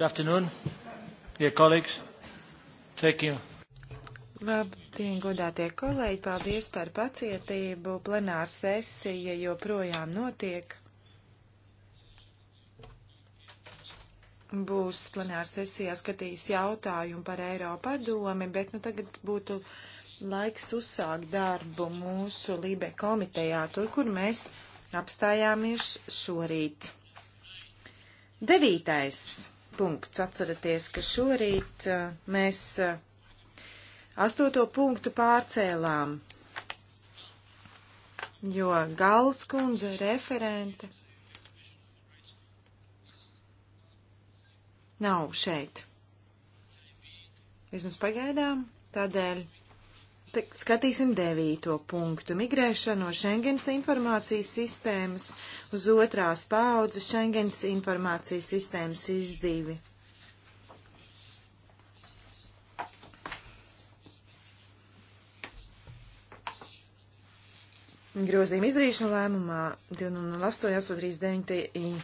Good afternoon, dear colleagues. Thank you. Labdien, godātie kolēģi, paldies par pacietību. Plenāra sesija joprojām notiek. Būs plenāra sesijā skatījis jautājumu par Eiropa padomi, bet nu tagad būtu laiks uzsākt darbu mūsu Lībe komitejā, tur, kur mēs apstājāmies šorīt. Devītais punkts. Atceraties, ka šorīt uh, mēs uh, astoto punktu pārcēlām, jo Gals kundze referente nav šeit. Vismaz pagaidām, tādēļ Tad skatīsim devīto punktu. Migrēšana no Schengens informācijas sistēmas uz otrās paaudzes Schengens informācijas sistēmas izdīvi. Grozījuma izdarīšana lēmumā 2008.839.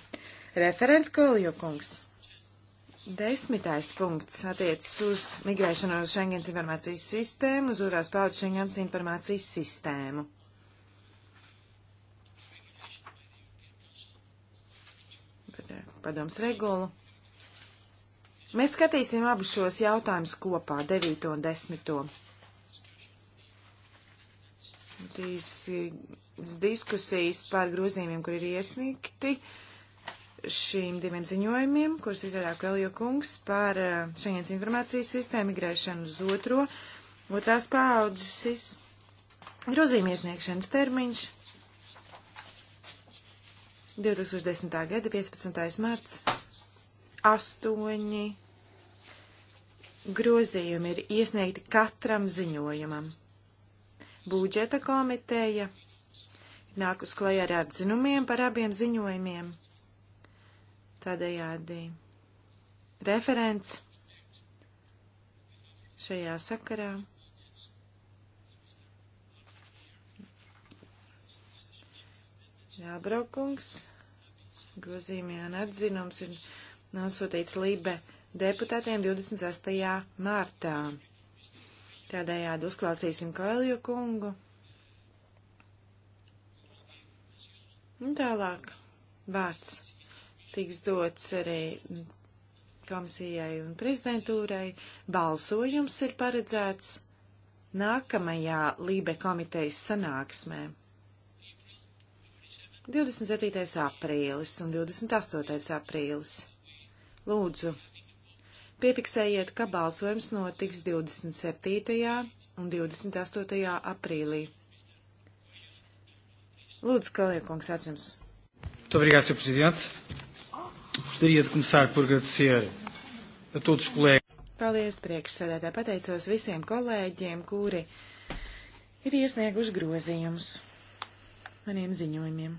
referents Koljokungs. Desmitais punkts attiecas uz migrēšanu no Schengens informācijas sistēmu uz urās paudzes Schengens informācijas sistēmu. Eh, padoms regulu. Mēs skatīsim abus šos jautājumus kopā, 9 un 10. Tīs eh, diskusijas par grozījumiem, kur ir iesniegti. Uh, šīm diviem ziņojumiem, kurus izrādīja Kaljo kungs par šaņēns eh, informācijas sistēmu migrēšanu uz otro, otrās paaudzes grozījuma iesniegšanas termiņš 2010. gada 15. marts. Astoņi grozījumi ir iesniegti katram ziņojumam. Budžeta komiteja nāk uz klajā ar atzinumiem par abiem ziņojumiem. Tādējādi referents šajā sakarā. Jābraukums, grozījumie un atzinums ir nosūtīts Lībe deputātiem 26. martā. Tādējādi uzklāsīsim Kailju kungu. Un tālāk vārds tiks dots arī komisijai un prezidentūrai. Balsojums ir paredzēts nākamajā Lībe komitejas sanāksmē. 27. aprīlis un 28. aprīlis. Lūdzu, piefiksējiet, ka balsojums notiks 27. un 28. aprīlī. Lūdzu, Kaliekungs, ar jums. Obrigado, Sr. Presidente. Gostaria de começar por agradecer a todos os colegas. Paldies, priekšsēdētāji. Pateicos visiem kolēģiem, kuri ir iesnieguši grozījumus maniem ziņojumiem.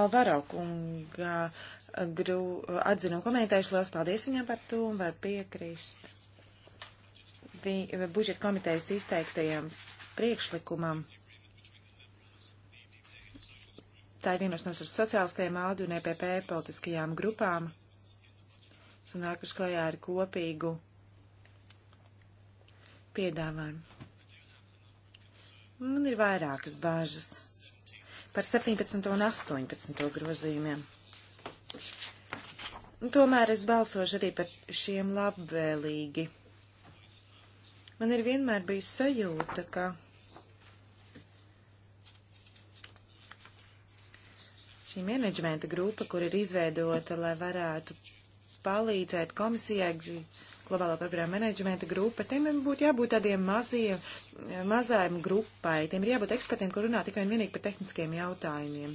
Alvaro kunga gru, atzinu komentējuši, liels paldies viņam par to un var piekrist budžeta komitejas izteiktajam priekšlikumam Tā ir vienošanās ar sociālistiem, ALDI un EPP politiskajām grupām. Esam nākuši klajā ar kopīgu piedāvājumu. Man ir vairākas bāžas par 17 un 18 grozījumiem. Un tomēr es balsošu arī par šiem labvēlīgi. Man ir vienmēr bijusi sajūta, ka Šī menedžmenta grupa, kur ir izveidota, lai varētu palīdzēt komisijai, globālā programma menedžmenta grupa, tiem būtu jābūt tādiem maziem, mazājiem grupai, tiem ir jābūt ekspertiem, kur runā tikai un vienīgi par tehniskiem jautājumiem.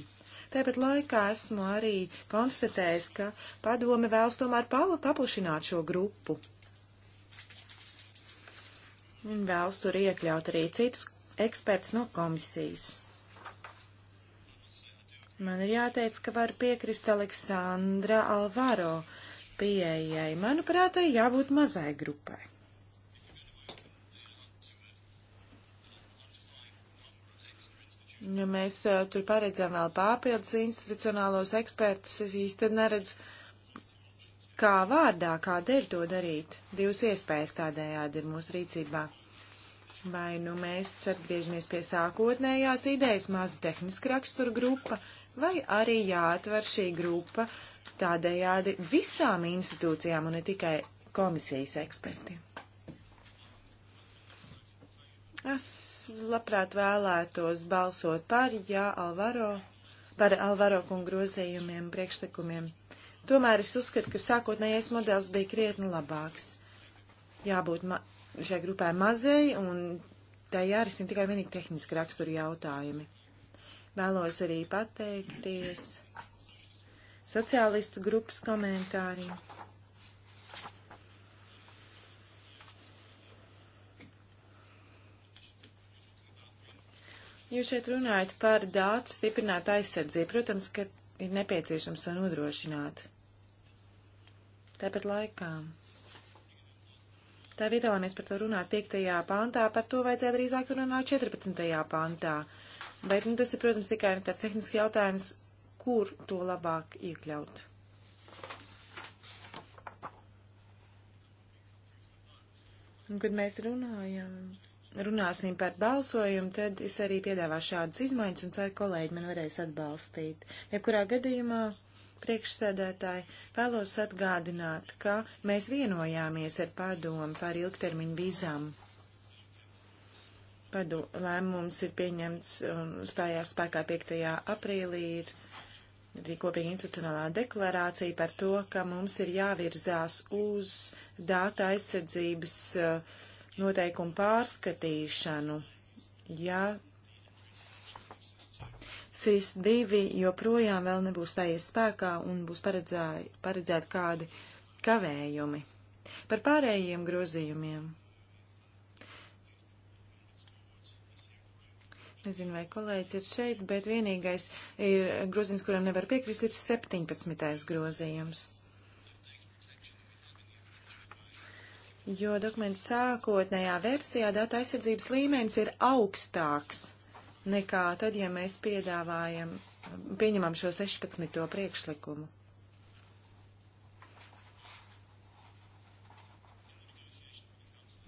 Tāpat laikā esmu arī konstatējis, ka padome vēlas tomēr paplašināt šo grupu. Un vēlas tur iekļaut arī citus eksperts no komisijas. Man ir jāteic, ka var piekrist Aleksandra Alvaro pieejai. Manuprāt, tai jābūt mazai grupai. Ja mēs uh, tur paredzam vēl papildus institucionālos ekspertus, es īsti neredzu, kā vārdā, kādēļ to darīt. Divas iespējas tādējādi ir mūsu rīcībā. Vai nu mēs atgriežamies pie sākotnējās idejas, maza tehniska rakstura grupa, uh, vai arī jāatver šī grupa tādējādi visām institūcijām un ne tikai komisijas ekspertiem. Es labprāt vēlētos balsot par Jā Alvaro, par Alvaro kungu grozījumiem, priekšlikumiem. Tomēr es uzskatu, ka sākotnējais modelis bija krietni labāks. Jābūt šai grupai mazai un tā jārisina tikai vienīgi tehniski raksturi jautājumi. Vēlos arī pateikties sociālistu grupas komentāriem. Jūs šeit runājat par dātu stiprinātu aizsardzību. Protams, ka ir nepieciešams to nodrošināt. Tāpat laikā. Tā vietā, lai mēs par to runātu 5. pāntā, par to vajadzētu drīzāk runāt 14. pāntā. Bet nu, tas ir, protams, tikai tāds tehnisks jautājums, kur to labāk iekļaut. Un, kad mēs runājam, runāsim par balsojumu, tad es arī piedāvāšu šādas izmaiņas un ceru, kolēģi man varēs atbalstīt. Ja kurā gadījumā priekšsēdētāji vēlos atgādināt, ka mēs vienojāmies ar padomu par ilgtermiņu vīzām Padu lēmums ir pieņemts un stājās spēkā 5. aprīlī. Ir arī kopīga institucionālā deklarācija par to, ka mums ir jāvirzās uz dāta aizsardzības uh, noteikumu pārskatīšanu. Ja SIS 2 joprojām vēl nebūs stājies spēkā un būs paredzēti kādi kavējumi. Par pārējiem grozījumiem Nezinu, vai kolēģis ir šeit, bet vienīgais ir grozījums, kuram nevar piekrist, ir 17. grozījums. Jo dokumenta sākotnējā versijā datu aizsardzības līmenis ir augstāks nekā tad, ja mēs piedāvājam, pieņemam šo 16. priekšlikumu.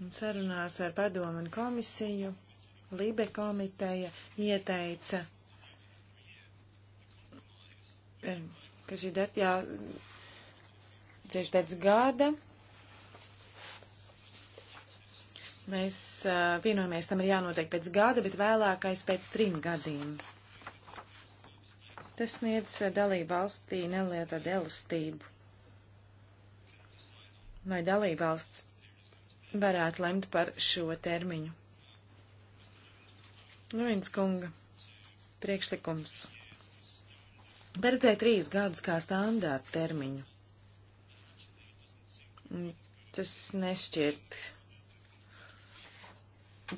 Un sarunās ar padomu un komisiju Libe komiteja ieteica, ka šī data jācieš pēc gada. Mēs vienojamies, tam ir jānotiek pēc gada, bet vēlākais pēc trim gadiem. Tas sniedz dalību valstī nelietā delastību. Lai dalību valsts varētu lemt par šo termiņu. Nu, viens kunga priekšlikums. Paredzēja trīs gadus kā standārta termiņu. Tas nešķiet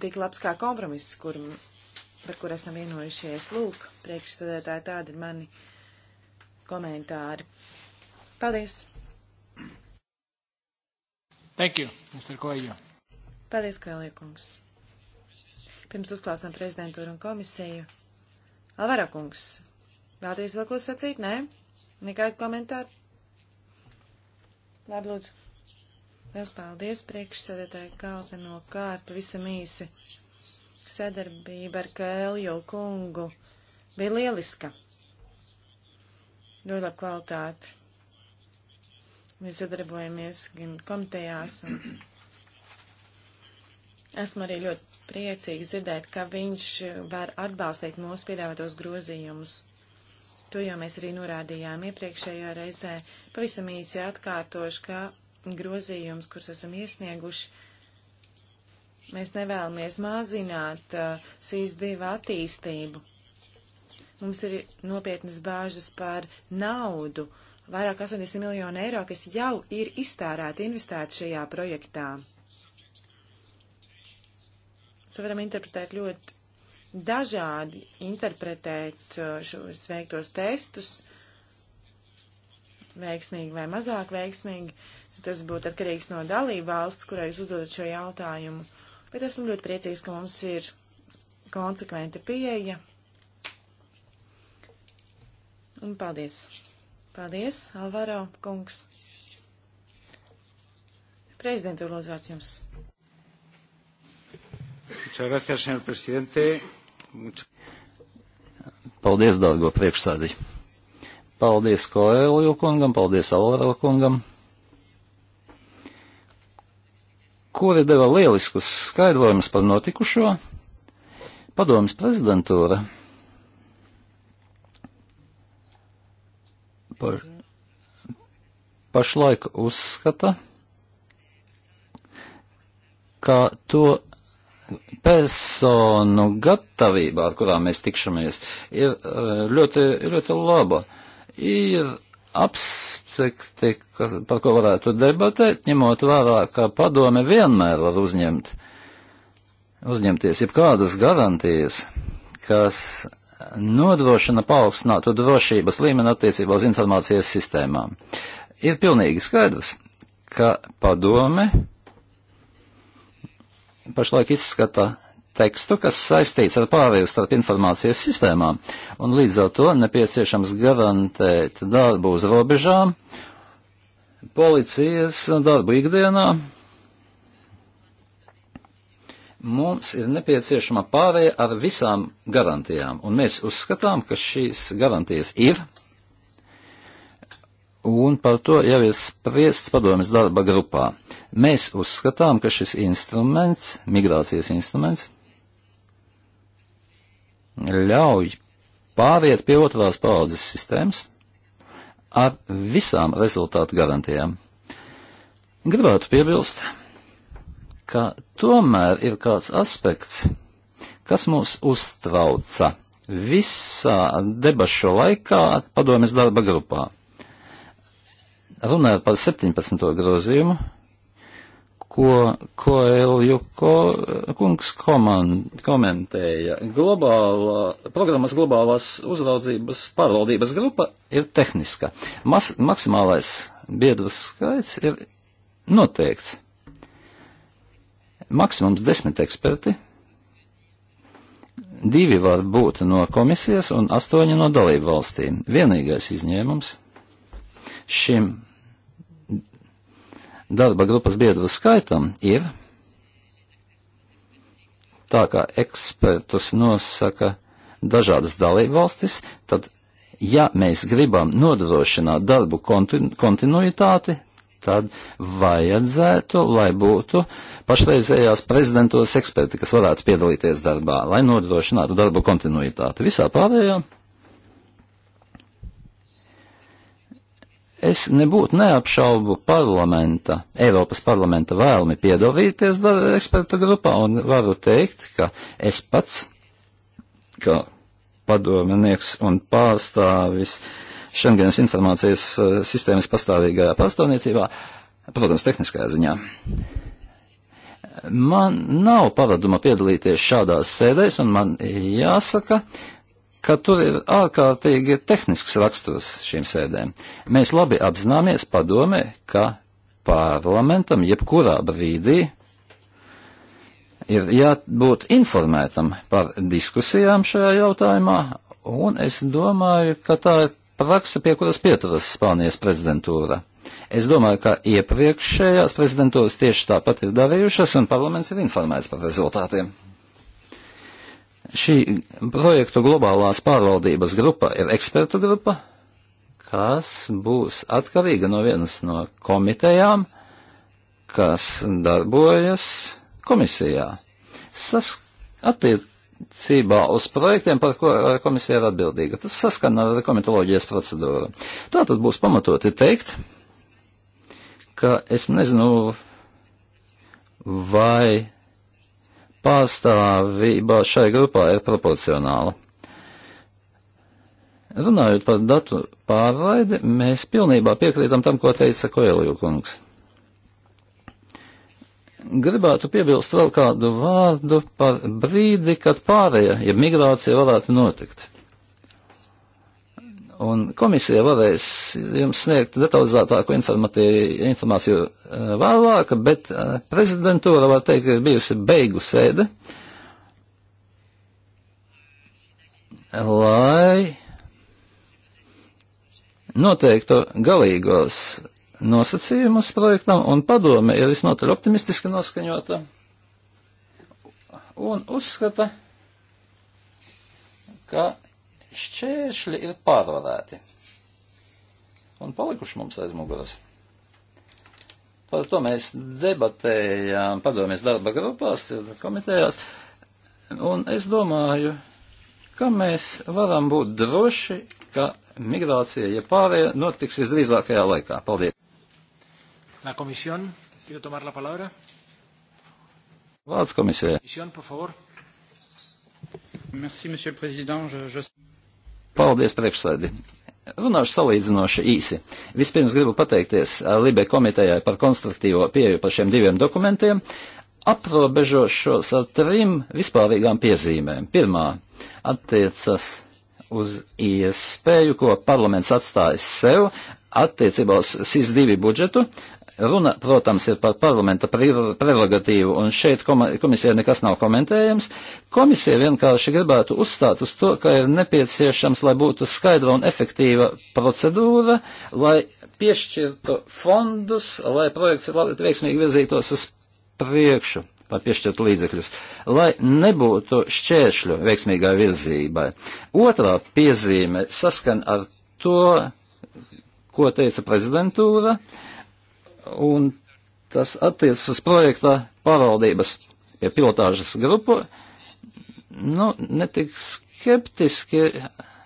tik labs kā kompromiss, kur, par kur esam vienojušies. Lūk, priekšstādētāji, tādi ir mani komentāri. Paldies! Thank you, Mr. Koejo. Paldies, Koejo kungs. Pirms uzklausām prezidentūru un komisiju. Alvaro kungs, vēlties vēl ko sacīt? Nē? Nekādu komentāru? Labi, lūdzu. Liels paldies priekšsēdētāji galveno kārtu visam īsi. Sadarbība ar Kēlju kungu bija lieliska. Ļoti labi kvalitāti. Mēs sadarbojamies gan komitejās un Esmu arī ļoti priecīgs dzirdēt, ka viņš var atbalstīt mūsu piedāvātos grozījumus. To jau mēs arī norādījām iepriekšējā reizē. Pavisam īsi atkārtošu, ka grozījums, kurus esam iesnieguši, mēs nevēlamies mazināt uh, SIS-2 attīstību. Mums ir nopietnas bāžas par naudu. Vairāk 80 miljonu eiro, kas jau ir iztērēti, investēti šajā projektā. To varam interpretēt ļoti dažādi, interpretēt uh, šos veiktos testus, veiksmīgi vai mazāk veiksmīgi. Tas būtu atkarīgs no dalību valsts, kurai jūs uzdodat šo jautājumu. Bet esam ļoti priecīgs, ka mums ir konsekventa pieeja. Un paldies! Paldies, Alvaro kungs! Prezidentūra lūdzu vārds jums! Muchas gracias, señor presidente. Much... Paldies, dārgo priekšsādī. Paldies Koēliju kungam, paldies Alvaro kungam, kuri deva lieliskus skaidrojumus par notikušo. Padomas prezidentūra par, pašlaik uzskata, ka to personu gatavībā, ar kurām mēs tikšamies, ir eh, ļoti, ļoti laba. Ir apspekti, kas, par ko varētu debatēt, ņemot vērā, ka padome vienmēr var uzņemt, uzņemties jebkādas garantijas, kas nodrošina paaugstinātu drošības līmeni attiecībā uz informācijas sistēmām. Ir pilnīgi skaidrs, ka padome pašlaik izskata tekstu, kas saistīts ar pārēju starp informācijas sistēmām, un līdz ar to nepieciešams garantēt darbu uz robežām, policijas darbu ikdienā. Mums ir nepieciešama pārēja ar visām garantijām, un mēs uzskatām, ka šīs garantijas ir un par to jau ir spriests padomjas darba grupā. Mēs uzskatām, ka šis instruments, migrācijas instruments, ļauj pāriet pie otrās paudzes sistēmas ar visām rezultātu garantijām. Gribētu piebilst, ka tomēr ir kāds aspekts, kas mūs uztrauca visā debašu laikā padomjas darba grupā. Runājot par 17. grozījumu, ko Koelju ko, eh, kungs koman, komentēja. Globālā, programmas globālās uzraudzības pārvaldības grupa ir tehniska. Mas, maksimālais biedru skaits ir noteikts. Maksimums desmit eksperti, divi var būt no komisijas un astoņi no dalību valstīm. Vienīgais izņēmums šim darba grupas biedru skaitam ir tā, kā ekspertus nosaka dažādas dalību valstis, tad, ja mēs gribam nodrošināt darbu kontinu, kontinuitāti, tad vajadzētu, lai būtu pašreizējās prezidentūras eksperti, kas varētu piedalīties darbā, lai nodrošinātu darbu kontinuitāti. Visā pārējā Es nebūtu neapšaubu parlamenta, Eiropas parlamenta vēlmi piedalīties ekspertu grupā un varu teikt, ka es pats, kā padomnieks un pārstāvis Šengenas informācijas eh, sistēmas pastāvīgajā pārstāvniecībā, protams, tehniskajā ziņā, man nav paraduma piedalīties šādās sēdēs, un man jāsaka, ka tur ir ārkārtīgi tehnisks raksturs šīm sēdēm. Mēs labi apzināmies padomē, ka parlamentam jebkurā brīdī ir jābūt informētam par diskusijām šajā jautājumā, un es domāju, ka tā ir praksa, pie kuras pieturas Spānijas prezidentūra. Es domāju, ka iepriekšējās prezidentūras tieši tāpat ir darījušas, un parlaments ir informēts par rezultātiem. Šī projektu globālās pārvaldības grupa ir ekspertu grupa, kas būs atkarīga no vienas no komitejām, kas darbojas komisijā. Sas attiecībā uz projektiem, par ko komisija ir atbildīga. Tas saskana ar komitoloģijas procedūru. Tā tad būs pamatoti teikt, ka es nezinu, vai pārstāvība šai grupā ir proporcionāla. Runājot par datu pārraidi, mēs pilnībā piekrītam tam, ko teica Koeliju kungs. Gribētu piebilst vēl kādu vārdu par brīdi, kad pārējie, ja migrācija varētu notikt. Un komisija varēs jums sniegt detalizētāku informāciju eh, vēlāk, bet eh, prezidentūra, var teikt, ir bijusi beigu sēde, lai noteiktu galīgos nosacījumus projektam, un padome ir visnotaļ optimistiski noskaņota un uzskata, ka šķēršļi ir pārvarēti un palikuši mums aiz muguras. Par to mēs debatējām padomjas darba grupās, komitejās, un es domāju, ka mēs varam būt droši, ka migrācija, ja pārējā, notiks visdrīzākajā laikā. Paldies. La komisión, quiero tomar la palabra. Vārds komisijai. Merci, monsieur le président. Je, je... Paldies, priekšsēdi. Runāšu salīdzinoši īsi. Vispirms gribu pateikties eh, Libe komitejai par konstruktīvo pieeju par šiem diviem dokumentiem. Aprobežošos ar trim vispārīgām piezīmēm. Pirmā attiecas uz iespēju, ko parlaments atstājas sev attiecībā uz SIS-2 budžetu Runa, protams, ir par parlamenta prerogatīvu, un šeit komisija nekas nav komentējams. Komisija vienkārši gribētu uzstāt uz to, ka ir nepieciešams, lai būtu skaidra un efektīva procedūra, lai piešķirtu fondus, lai projekts veiksmīgi virzītos uz priekšu par piešķirtu līdzekļus, lai nebūtu šķēršļu veiksmīgai virzībai. Otrā piezīme saskan ar to, ko teica prezidentūra. Uh, un tas attiecas uz projekta pārvaldības pie pilotāžas grupu, nu, netik skeptiski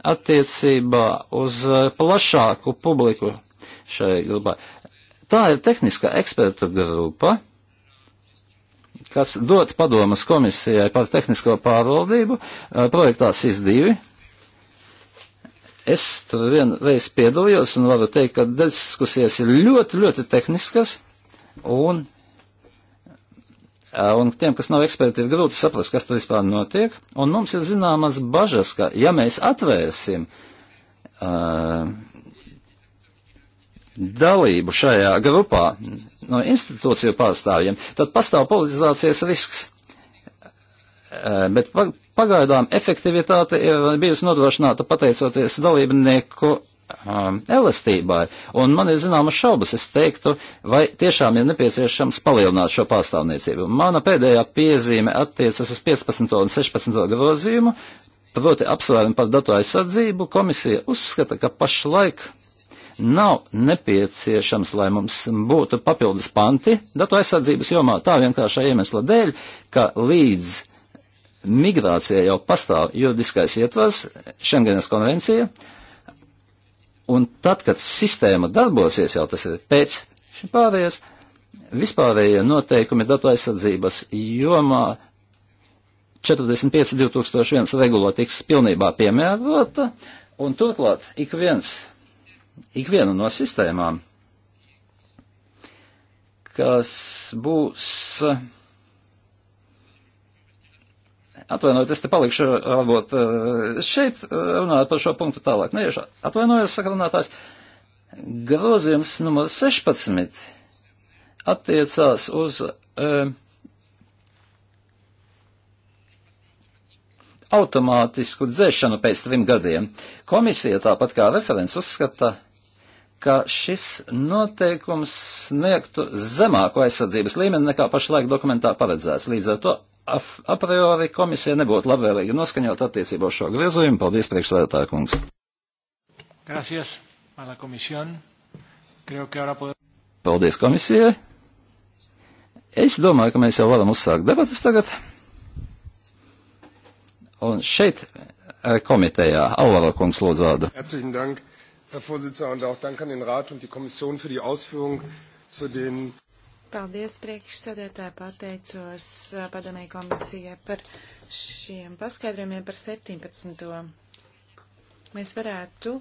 attiecībā uz eh, plašāku publiku šai grupā. Tā ir tehniska ekspertu grupa, kas dod padomas komisijai par tehnisko pārvaldību eh, projektā SIS-2 Es tur vienreiz piedalījos un varu teikt, ka diskusijas ir ļoti, ļoti tehniskas un, un tiem, kas nav eksperti, ir grūti saprast, kas tur vispār notiek. Un mums ir zināmas bažas, ka ja mēs atvērsim uh, dalību šajā grupā no institūciju pārstāvjiem, tad pastāv politizācijas risks. Uh, bet Pagaidām efektivitāte ir bijusi nodrošināta pateicoties dalībnieku um, elastībai, un man ir zināmas šaubas, es teiktu, vai tiešām ir nepieciešams palielināt šo pārstāvniecību. Mana pēdējā piezīme attiecas uz 15. un 16. grozījumu, proti apsvērumi par datu aizsardzību. Komisija uzskata, ka pašlaik nav nepieciešams, lai mums būtu papildus panti datu aizsardzības jomā tā vienkāršā iemesla dēļ, ka līdz migrācija jau pastāv juridiskais ietvars, Šengenes konvencija, un tad, kad sistēma darbosies, jau tas ir pēc pārējais, vispārējie noteikumi datu aizsardzības jomā 45.2001 regulā tiks pilnībā piemērota, un turklāt ik viens, ik viena no sistēmām, kas būs uh, Atvainojiet, es te palikšu varbūt eh, eh, šeit eh, runāt par šo punktu tālāk. Nē, nu, atvainojiet, saka runātājs. Grozījums numur 16 attiecās uz uh, automātisku dzēšanu pēc trim gadiem. Komisija tāpat kā referents uzskata, ka šis noteikums sniegtu zemāku aizsardzības līmeni nekā pašlaik dokumentā paredzēts. Līdz ar to a priori komisija nebūtu labvēlīgi noskaņot attiecībā uz šo griezumu. Paldies, priekšsēdētāja kungs. Gracias a la comisión. Creo que ahora podemos. Paldies komisijai. Es domāju, ka mēs jau varam uzsākt debatas tagad. Un šeit eh, komitejā Alvaro kungs lūdzu vārdu. Herzlichen Dank, Herr Vorsitzender, un auch dank an den Rat und die Kommission für die Ausführung zu den Paldies priekšsēdētāji, pateicos eh, padomēju komisijai par šiem paskaidrojumiem par 17. Mēs varētu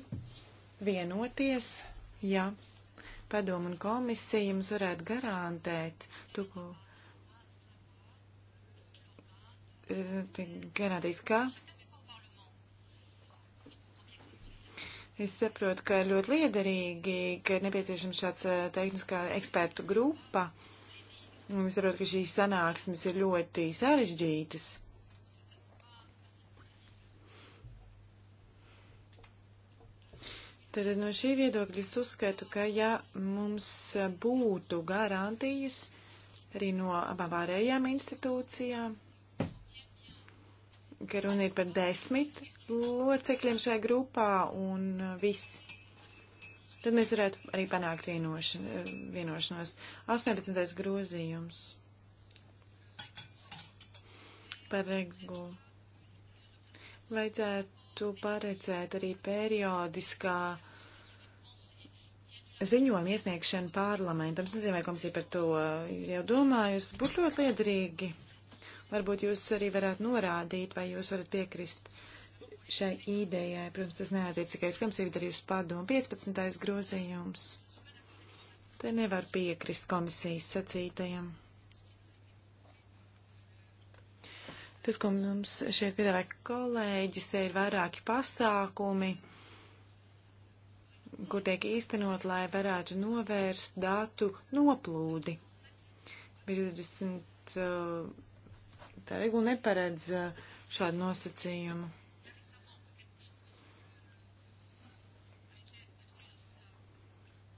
vienoties, ja padomu un komisija jums varētu garantēt to, ko eh, garantīs, ka Es saprotu, ka ir ļoti liederīgi, ka ir nepieciešama šāds eh, tehniskā ekspertu grupa. Un es saprotu, ka šīs sanāksmes ir ļoti sarežģītas. Tad no šī viedokļa es uzskatu, ka ja mums būtu garantijas arī no abām pārējām institūcijām, ka runa ir par desmit locekļiem šajā grupā un uh, viss. Tad mēs varētu arī panākt vienošan, uh, vienošanos. 18. grozījums par regulu. Vajadzētu paredzēt arī periodiskā ziņojuma iesniegšanu parlamentam. Es nezinu, vai komisija par to jau domājusi. Būtu ļoti liederīgi. Varbūt jūs arī varētu norādīt, vai jūs varat piekrist šai idejai. Protams, tas neatiec tikai uz komisiju, bet arī uz padomu. 15. grozījums. Te nevar piekrist komisijas sacītajam. Tas, ko mums šeit piedāvā kolēģis, te ir vairāki pasākumi, kur tiek īstenot, lai varētu novērst datu noplūdi. 20. Uh, tā regula neparedz uh, šādu nosacījumu.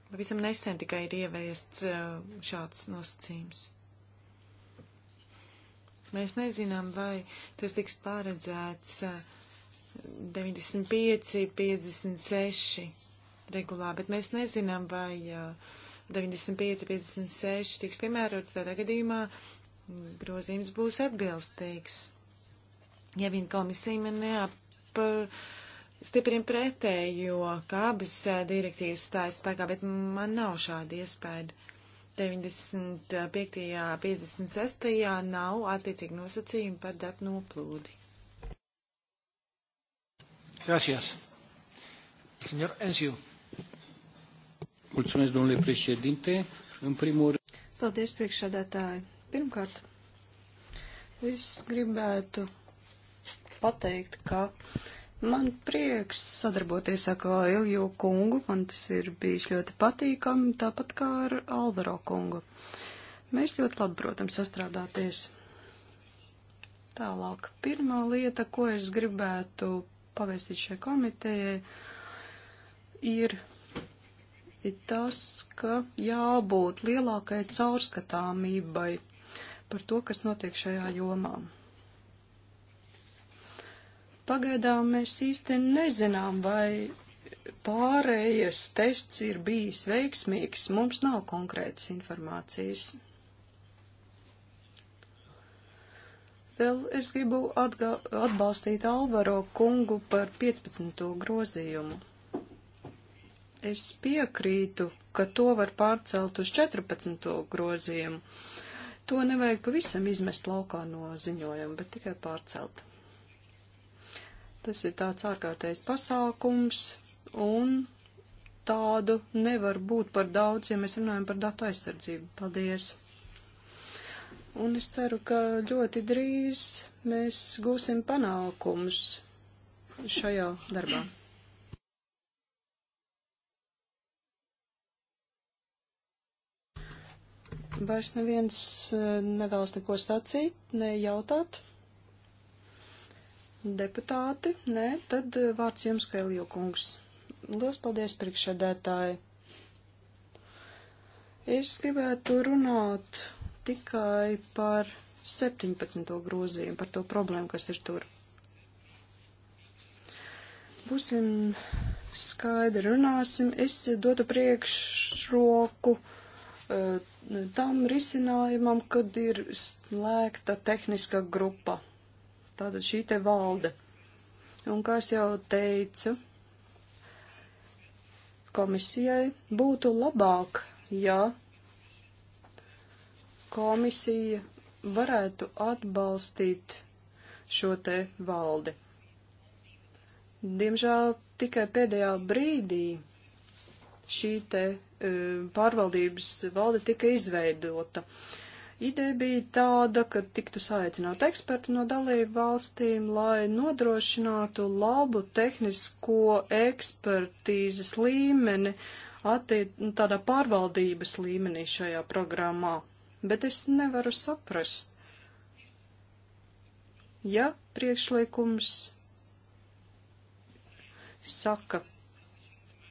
Pavisam nesen tikai ir ieviests eh, šāds nosacījums. Mēs nezinām, vai tas tiks paredzēts 95, eh, 56 regulā, bet mēs nezinām, vai 95, eh, 56 tiks piemērots tādā gadījumā, grozījums būs atbilstīgs. Ja vien komisija man neap stiprin pretēji, jo kādas direktīvas stājas spēkā, bet man nav šāda iespēja. 95. 56. nav attiecīgi nosacījumi par datu noplūdi. Gracias. Senor Enziu. Mulțumesc, domnule președinte. În primul rând... Paldies, priekšsādātāji. Pirmkārt, es gribētu pateikt, ka uh, Man prieks sadarboties ar Ilju kungu, man tas ir bijis ļoti patīkami, tāpat kā ar Alvaro kungu. Mēs ļoti labi, protams, sastrādāties. Tālāk, pirmā lieta, ko es gribētu pavēstīt šai komitejai, ir ir tas, ka jābūt lielākai caurskatāmībai par to, kas notiek šajā jomā. Pagaidām mēs īsti nezinām, vai pārējais tests ir bijis veiksmīgs. Mums nav konkrētas informācijas. Vēl es gribu atgā, atbalstīt Alvaro kungu par 15. grozījumu. Es piekrītu, ka to var pārcelt uz 14. grozījumu. To nevajag pavisam izmest laukā no ziņojuma, bet tikai pārcelt. Tas ir tāds ārkārtējs pasākums, un tādu nevar būt par daudz, ja mēs runājam par datu aizsardzību. Paldies! Un es ceru, ka ļoti drīz mēs gūsim panākumus šajā darbā. Vairs neviens eh, nevēlas neko sacīt, nejautāt deputāti? Nē, tad eh, vārds jums, Kailija kungs. Lielas paldies, priekšsēdētāji. Es gribētu runāt tikai par 17. grozījumu, par to problēmu, kas ir tur. Būsim skaidri runāsim, es dotu priekšroku eh, tam risinājumam, kad ir slēgta tehniska grupa Tātad šī te valde. Un kā es jau teicu, komisijai būtu labāk, ja komisija varētu atbalstīt šo te valdi. Diemžēl tikai pēdējā brīdī šī te eh, pārvaldības valde tika izveidota. Uh, Ideja bija tāda, ka tiktu saicināt eksperti no dalību valstīm, lai nodrošinātu labu tehnisko ekspertīzes līmeni, attiec, nu, tādā pārvaldības līmenī šajā programmā. Bet es nevaru saprast, ja priekšlikums saka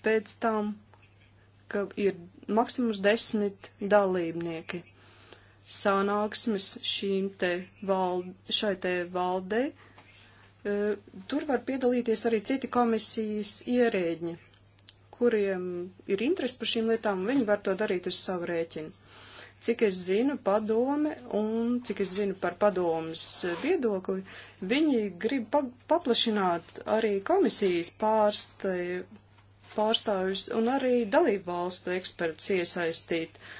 pēc tam, ka ir maksimums desmit dalībnieki sanāksmes šīm te vald, šai te valdē. E, tur var piedalīties arī citi komisijas ierēģi, kuriem ir interesi par šīm lietām, un viņi var to darīt uz savu rēķinu. Cik es zinu padome un cik es zinu par padomas viedokli, viņi grib pa paplašināt arī komisijas pārstāvjus un arī dalību valstu ekspertus iesaistīt uh,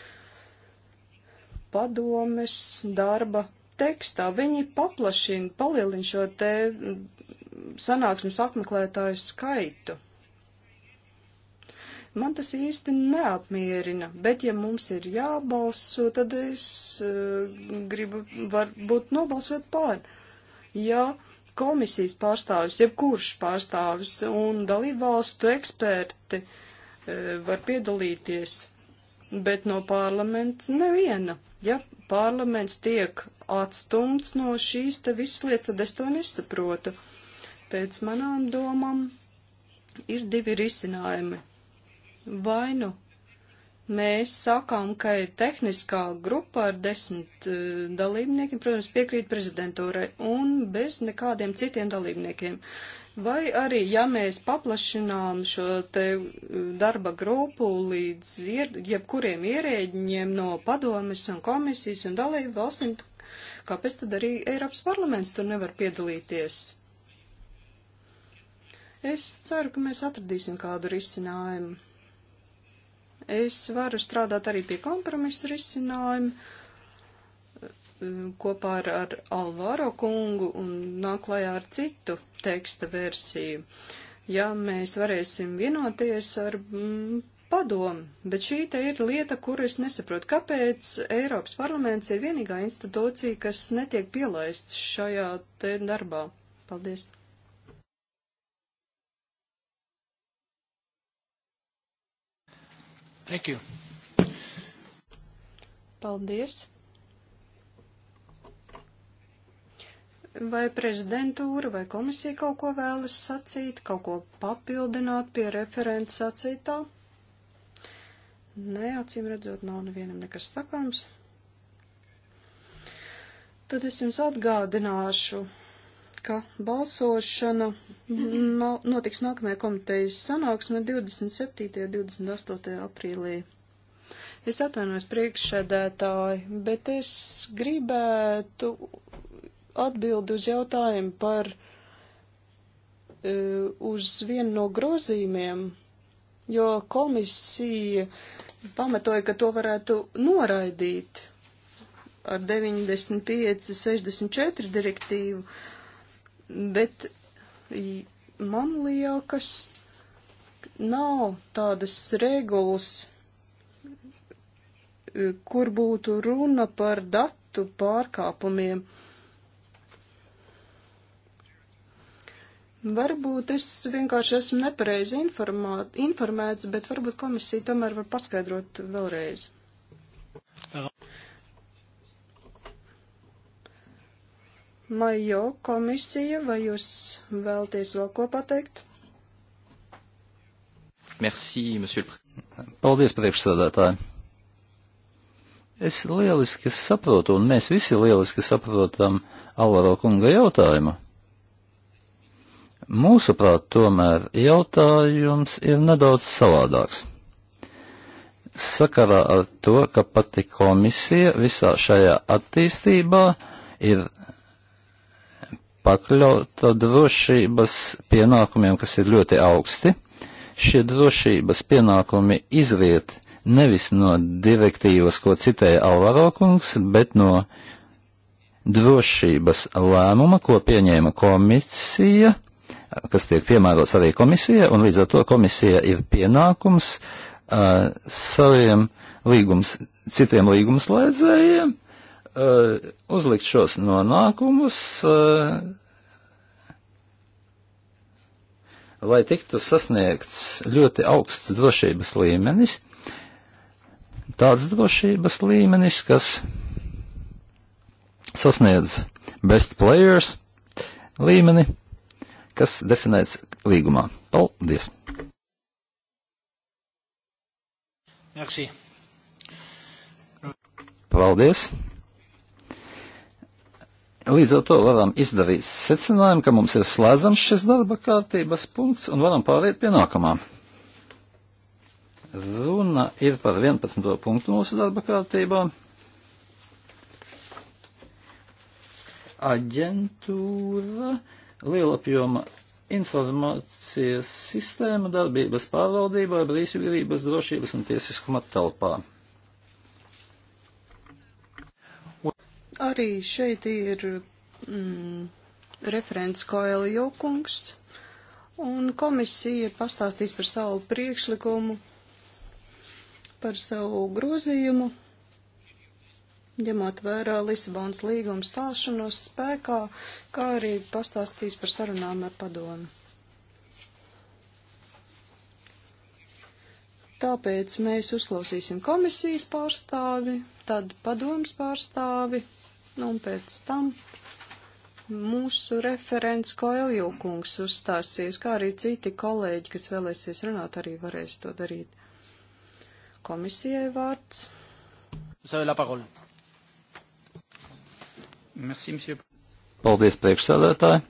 padomes darba tekstā. Viņi paplašina, palielina šo te mm, sanāksmes apmeklētāju skaitu. Man tas īsti neapmierina, bet ja mums ir jābalso, tad es uh, gribu varbūt nobalsot pār. Ja komisijas pārstāvis, jebkurš pārstāvis un dalībvalstu eksperti uh, var piedalīties bet no parlamenta neviena. Ja parlaments tiek atstumts no šīs te visas lietas, tad es to nesaprotu. Pēc manām domām ir divi risinājumi. Vai nu mēs sakām, ka ir tehniskā grupa ar desmit uh, dalībniekiem, protams, piekrīt prezidentūrai un bez nekādiem citiem dalībniekiem. Uh, Vai arī, ja mēs paplašinām šo te uh, darba grupu līdz ier, jebkuriem ierēģiņiem no padomes un komisijas un dalību valstīm, kāpēc tad arī Eiropas parlaments tur nevar piedalīties? Es ceru, ka mēs atradīsim kādu risinājumu. Es varu strādāt arī pie kompromisa risinājumu Um, kopā ar, ar Alvaro kungu un nāk klajā ar citu teksta versiju. Ja mēs varēsim vienoties ar mm, padomu, bet šī te ir lieta, kuru es nesaprotu. Kāpēc Eiropas parlaments ir vienīgā institūcija, kas netiek pielaists šajā te darbā? Paldies! Thank you. Paldies. Vai prezidentūra vai komisija kaut ko vēlas sacīt, kaut ko papildināt pie referenta sacītā? Nē, acīm redzot, nav nevienam nekas sakāms. Tad es jums atgādināšu, ka balsošana notiks nākamajā komitejas sanāksmē 27. un 28. aprīlī. Es atvainojos priekšsēdētāji, bet es gribētu atbildi uz jautājumu par e, uz vienu no grozīmiem, jo komisija pamatoja, ka to varētu noraidīt ar 95, 64 direktīvu, bet man liekas, nav tādas regulas, e, kur būtu runa par datu pārkāpumiem. Varbūt es vienkārši esmu nepareizi informēts, bet varbūt komisija tomēr var paskaidrot vēlreiz. Majo komisija, vai jūs vēlties vēl ko pateikt? Merci, monsieur. Paldies, priekšsādātāji. Es lieliski saprotu, un mēs visi lieliski saprotam Alvaro kunga jautājumu Mūsuprāt, tomēr jautājums ir nedaudz savādāks. Sakarā ar to, ka pati komisija visā šajā attīstībā ir pakļauta drošības pienākumiem, kas ir ļoti augsti. Šie drošības pienākumi izriet nevis no direktīvas, ko citēja Alvaro kungs, bet no drošības lēmuma, ko pieņēma komisija kas tiek piemērots arī komisija, un līdz ar to komisija ir pienākums uh, saviem līgums, citiem līgumslēdzējiem uh, uzlikt šos nonākumus, uh, lai tiktu sasniegts ļoti augsts drošības līmenis, tāds drošības līmenis, kas sasniedz best players līmeni, kas definēts līgumā. Paldies! Merci. Paldies! Līdz ar to varam izdarīt secinājumu, ka mums ir slēdzams šis darba kārtības punkts un varam pāriet pie nākamā. Runa ir par 11. punktu mūsu darba kārtībā. Aģentūra lielapjoma informācijas sistēma darbības pārvaldībā, brīvības, drošības un tiesiskuma telpā. Arī šeit ir mm, referents Koelio kungs, un komisija pastāstīs par savu priekšlikumu, par savu grozījumu ņemot vērā Lisabonas līguma stāšanos spēkā, kā arī pastāstīs par sarunām ar padomu. Tāpēc mēs uzklausīsim komisijas pārstāvi, tad padomas pārstāvi, nu, un pēc tam mūsu referents Koelju kungs uzstāsies, kā arī citi kolēģi, kas vēlēsies runāt, arī varēs to darīt. Komisijai vārds. Jūs la parole. Merci, monsieur. Paldies, priekšsēdētāji.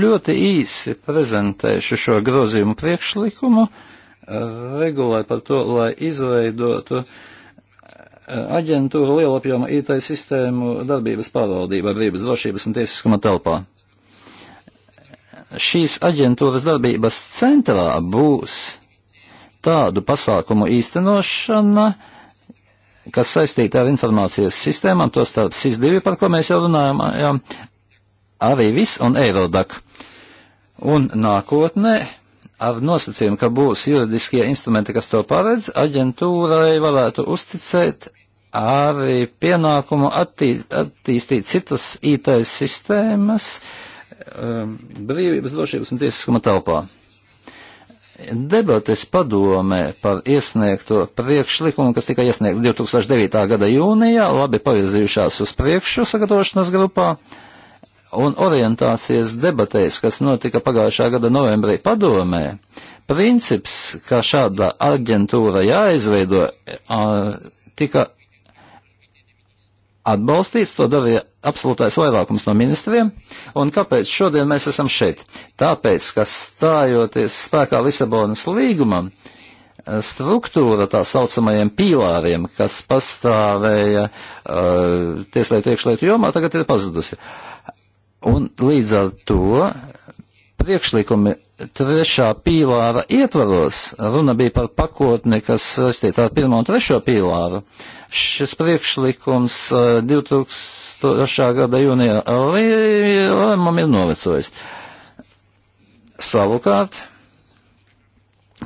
Ļoti īsi prezentēšu šo grozījumu priekšlikumu regulē par to, lai izveidotu eh, aģentūru lielapjoma IT sistēmu darbības pārvaldībā, brīvības drošības un tiesiskuma telpā. Šīs aģentūras darbības centrā būs tādu pasākumu īstenošana, kas saistīta ar informācijas sistēmām, to starp SIS-2, par ko mēs jau runājam, jā, arī viss un Eirodak. Un nākotnē, ar nosacījumu, ka būs juridiskie instrumenti, kas to paredz, aģentūrai varētu uzticēt arī pienākumu attī attīstīt citas IT sistēmas um, brīvības, drošības un tiesiskuma telpā. Debates padomē par iesniegto priekšlikumu, kas tika iesniegts 2009. gada jūnijā, labi pavirzījušās uz priekšu sagatavošanas grupā, un orientācijas debatēs, kas notika pagājušā gada novembrī padomē, princips, ka šāda aģentūra jāizveido, tika atbalstīts, to devīja absolūtais vairākums no ministriem. Un kāpēc šodien mēs esam šeit? Tāpēc, ka stājoties spēkā Lisabonas līgumam, struktūra tā saucamajiem pīlāriem, kas pastāvēja uh, tieslietu iekšlietu jomā, tagad ir pazudusi. Un līdz ar to priekšlikumi trešā pīlāra ietvaros, runa bija par pakotni, kas saistīta ar pirmo un trešo pīlāru. Šis priekšlikums 2000. Eh, gada jūnijā lēmumam ir novecojis. Savukārt,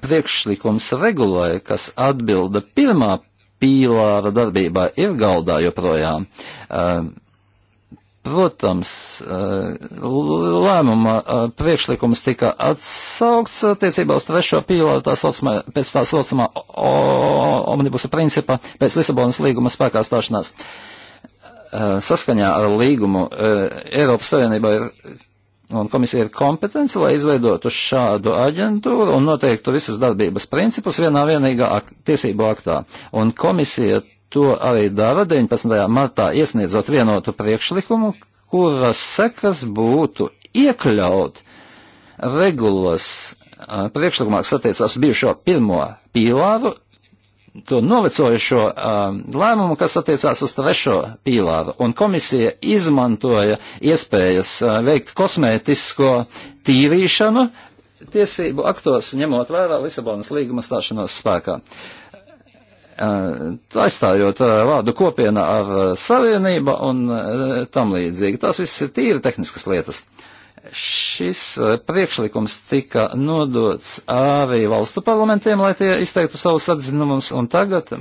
priekšlikums regulē, kas atbilda pirmā pīlāra darbībā, ir galdā joprojām. Uh, Protams, eh, lēmuma eh, priekšlikums tika atsaukts attiecībā uz trešo pīlāru tā saucamā, pēc tā saucamā omnibusa principa pēc Lisabonas līguma spēkā stāšanās. Eh, saskaņā ar līgumu Eiropas Savienībā ir un komisija ir kompetence, lai izveidotu šādu aģentūru un noteiktu visas darbības principus vienā vienīgā ak tiesību aktā. Un komisija to arī dara 19. martā iesniedzot vienotu priekšlikumu, kuras sekas būtu iekļaut regulas priekšlikumā, kas attiecās bijušo pirmo pīlāru, to novecojušo um, lēmumu, kas attiecās uz trešo pīlāru, un komisija izmantoja iespējas uh, veikt kosmētisko tīrīšanu tiesību aktos, ņemot vērā Lisabonas līguma stāšanos spēkā. Uh, aizstājot vārdu kopiena ar savienība un tam līdzīgi. Tas viss ir tīri tehniskas lietas. Šis priekšlikums tika nodots arī valstu parlamentiem, lai tie izteiktu savus atzinumus, un tagad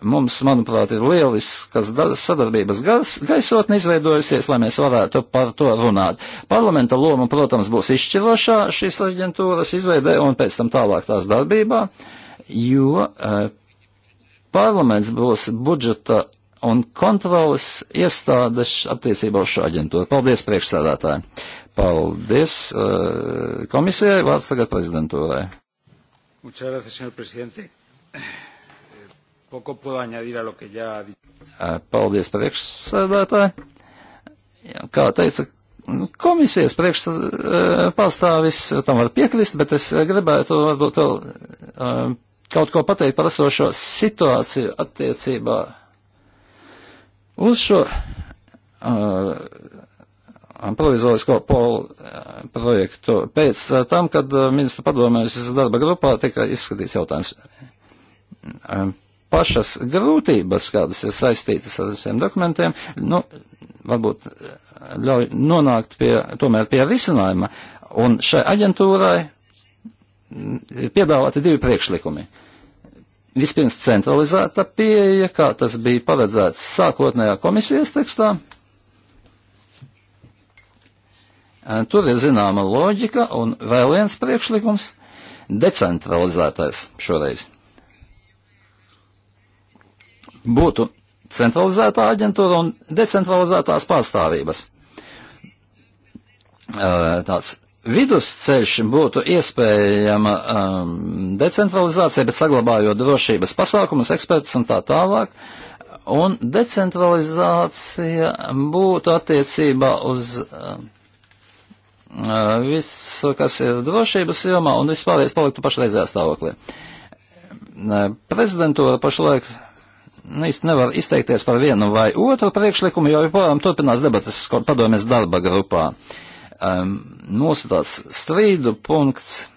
mums, manuprāt, ir lieliskas sadarbības gars, gaisotni izveidojusies, lai mēs varētu par to runāt. Parlamenta loma, protams, būs izšķirošā šīs aģentūras izveidē un pēc tam tālāk tās darbībā. Uh, jo uh, parlaments būs budžeta un kontrolas iestādes attiecībā uz šo aģentūru. Paldies priekšsēdētāji. Paldies uh, komisijai, vārds tagad prezidentūrai. Eh, paldies priekšsēdētāji. Kā teica nu, komisijas priekš uh, pastāvis, tam var piekrist, bet es gribētu varbūt vēl. Uh, kaut ko pateikt par esošo situāciju attiecībā uz šo uh, um, provizorisko polu uh, projektu. Pēc uh, tam, kad uh, ministra padomēs darba grupā tika izskatīts jautājums. Uh, pašas grūtības, kādas ir saistītas ar šiem dokumentiem, nu, varbūt uh, ļauj nonākt pie, tomēr pie risinājuma. Un šai aģentūrai piedāvāti divi priekšlikumi. Vispirms centralizēta pieeja, kā tas bija paredzēts sākotnējā komisijas tekstā. Tur ir zināma loģika un vēl viens priekšlikums - decentralizētais šoreiz. Būtu centralizētā aģentūra un decentralizētās pārstāvības. Tāds vidusceļš būtu iespējama um, decentralizācija, bet saglabājot drošības pasākumus, ekspertus un tā tālāk. Un decentralizācija būtu attiecībā uz um, uh, visu, kas ir drošības jomā, un vispārējais paliktu pašreizējā stāvoklī. Uh, prezidentūra pašlaik nu, īsti nevar izteikties par vienu vai otru priekšlikumu, jo joprojām turpinās debatas padomjas darba grupā. Uh, um, mūsu tāds strīdu punkts,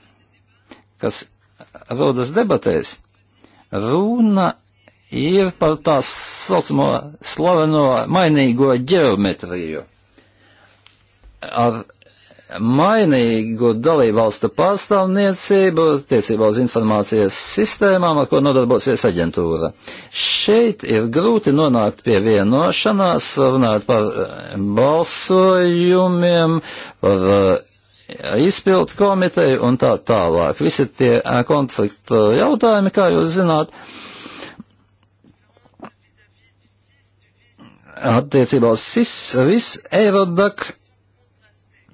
kas rodas debatēs, runa ir par tā saucamo slaveno mainīgo ģeometriju. Ar mainīgu dalībvalstu pārstāvniecību tiecībā uz informācijas sistēmām, ar ko nodarbosies aģentūra. Šeit ir grūti nonākt pie vienošanās, runāt par eh, balsojumiem, par eh, izpildu komiteju un tā tālāk. Visi tie eh, konflikta jautājumi, kā jūs zināt, attiecībā uz SIS, viss Eirodak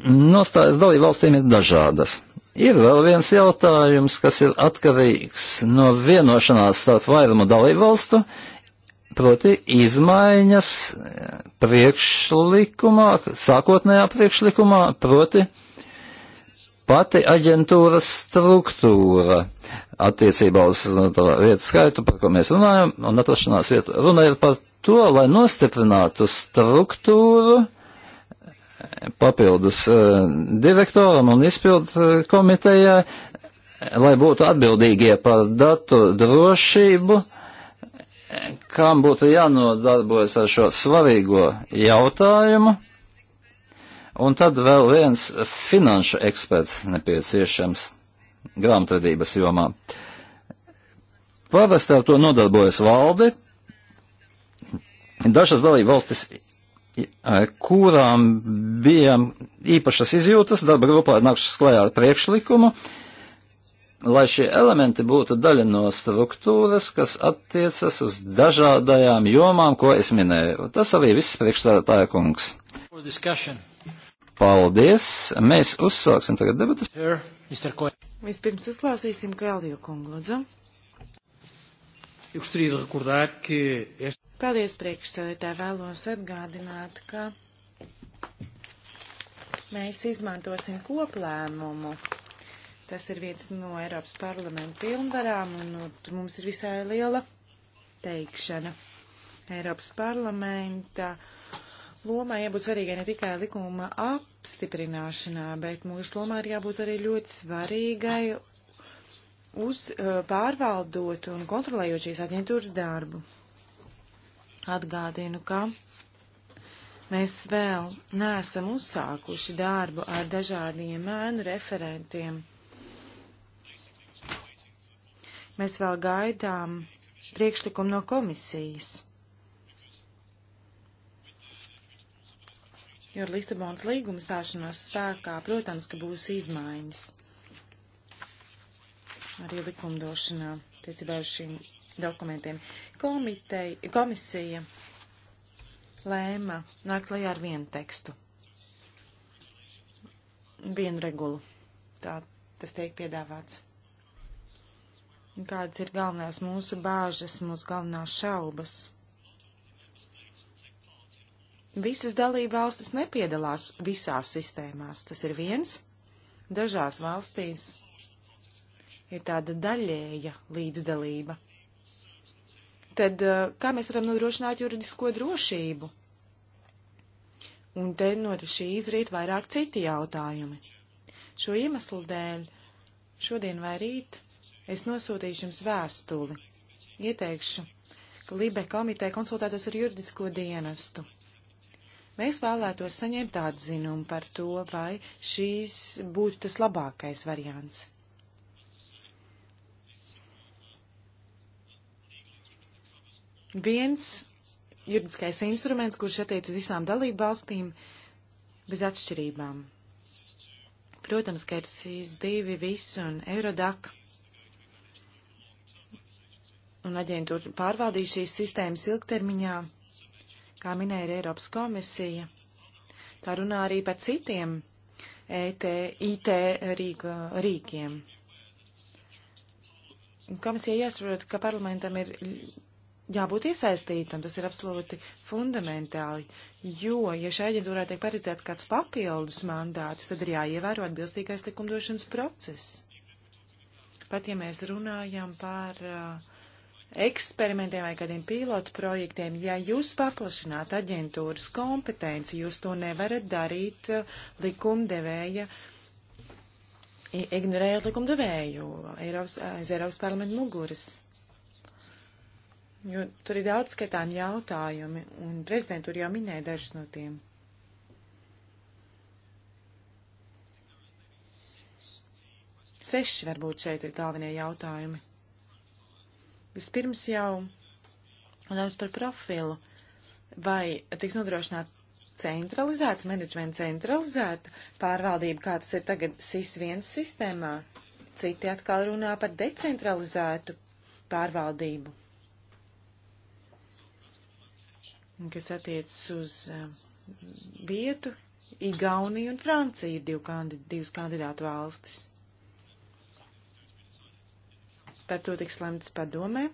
Nostājas dalību valstīm ir dažādas. Ir vēl viens jautājums, kas ir atkarīgs no vienošanās starp vairumu dalību valstu, proti izmaiņas priekšlikumā, sākotnējā priekšlikumā, proti pati aģentūras struktūra attiecībā uz vietu skaitu, par ko mēs runājam, un atrašanās vietu. Runa ir par to, lai nostiprinātu struktūru, papildus eh, direktoram un izpildu eh, komitejai, lai būtu atbildīgie par datu drošību, kam būtu jānodarbojas ar šo svarīgo jautājumu. Un tad vēl viens finanšu eksperts nepieciešams grāmatvedības jomā. Parasti ar to nodarbojas valdi. Dažas dalība valstis kurām bija īpašas izjūtas, darba grupā ir nākušas klajā ar priekšlikumu, lai šie elementi būtu daļa no struktūras, kas attiecas uz dažādajām jomām, ko es minēju. Tas arī viss priekšstādātāja kungs. Paldies! Mēs uzsāksim tagad debatas. Vispirms uzklāsīsim Kalju kungu, lūdzu. Eu gostaria de recordar que esta Paldies priekšsēdētāji, vēlos atgādināt, ka mēs izmantosim koplēmumu. Tas ir viens no Eiropas parlamenta pilnvarām, un nu, tur mums ir visai liela teikšana. Eiropas parlamenta lomā jābūt svarīgai ne tikai likuma apstiprināšanā, bet mūsu lomā ir jābūt arī ļoti svarīgai uz uh, pārvaldot un kontrolējot šīs aģentūras darbu. Atgādinu, ka mēs vēl neesam uzsākuši darbu ar dažādiem mēnu referentiem. Mēs vēl gaidām priekšlikumu no komisijas. Jo ar Lisabonas līguma stāšanos spēkā, protams, ka būs izmaiņas arī likumdošanā tiecībā uz šīm dokumentiem. Komitei, komisija lēma nākt lejā ar vienu tekstu, vienu regulu. Tā tas tiek piedāvāts. Kādas ir galvenās mūsu bāžas, mūsu galvenās šaubas? Visas dalība valstis nepiedalās visās sistēmās. Tas ir viens. Dažās valstīs ir tāda daļēja līdzdalība tad eh, kā mēs varam nodrošināt juridisko drošību? Un te no šī izrīt vairāk citi jautājumi. Šo iemeslu dēļ šodien vai rīt es nosūtīšu jums vēstuli. Ieteikšu, ka Libe komiteja konsultētos ar juridisko dienestu. Mēs vēlētos saņemt atzinumu par to, vai šīs būtu tas labākais variants. viens juridiskais instruments, kurš attiec uz visām dalību valstīm bez atšķirībām. Protams, ka ir SIS-2, VIS un Eurodac. Un aģentūra pārvaldīs šīs sistēmas ilgtermiņā, kā minēja ir Eiropas komisija. Tā runā arī par citiem ET, IT rīga, rīkiem. Komisija jāsaprot, ka parlamentam ir jābūt iesaistītam, tas ir absolūti fundamentāli, jo, ja šai aģentūrai tiek paredzēts kāds papildus mandāts, tad ir jāievēro atbilstīgais likumdošanas process. Pat ja mēs runājam par uh, eksperimentiem vai kādiem pilotu projektiem, ja jūs paplašināt aģentūras kompetenci, jūs to nevarat darīt uh, likumdevēja, ignorējot likumdevēju Eiropas, aiz Eiropas parlamentu muguras jo tur ir daudz skatām jautājumi, un prezidentūra jau minēja dažus no tiem. Seši varbūt šeit ir galvenie jautājumi. Vispirms jau jautājums par profilu. Vai tiks nodrošināts centralizēts, menedžmenta centralizēta pārvaldība, kā tas ir tagad SIS-1 sistēmā? Citi atkal runā par decentralizētu pārvaldību. kas attiecas uz eh, vietu, Igaunija un Francija ir divi kandid divas kandidātu valstis. Par to tiks lemts padomē.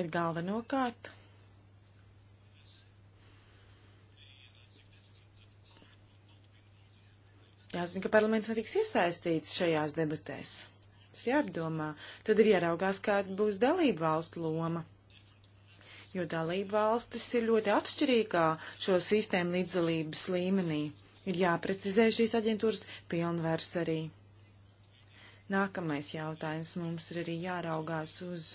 Bet galvenokārt jāzina, ka parlaments netiks iesaistīts šajās debatēs. Tas ir jāapdomā. Tad ir jāraugās, kāda būs dalību valstu loma. Jo dalību valstis ir ļoti atšķirīgā šo sistēmu līdzdalības līmenī. Ir jāprecizē šīs aģentūras pilnvers arī. Nākamais jautājums mums ir arī jāraugās uz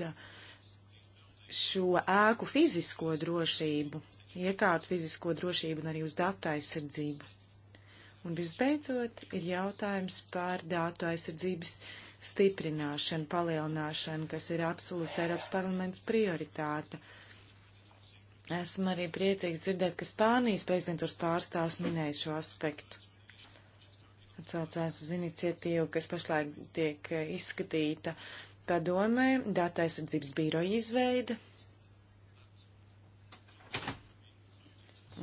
šo ēku fizisko drošību, iekārtu fizisko drošību un arī uz datu aizsardzību. Un visbeidzot ir jautājums par datu aizsardzības uh, stiprināšanu, palielināšanu, kas ir absolūts Eiropas parlaments prioritāte. Esmu arī priecīgs dzirdēt, ka Spānijas prezidentūras pārstāvs minēja šo aspektu. Atcaucās uz iniciatīvu, kas pašlaik tiek eh, izskatīta padomē, data aizsardzības biroja izveida.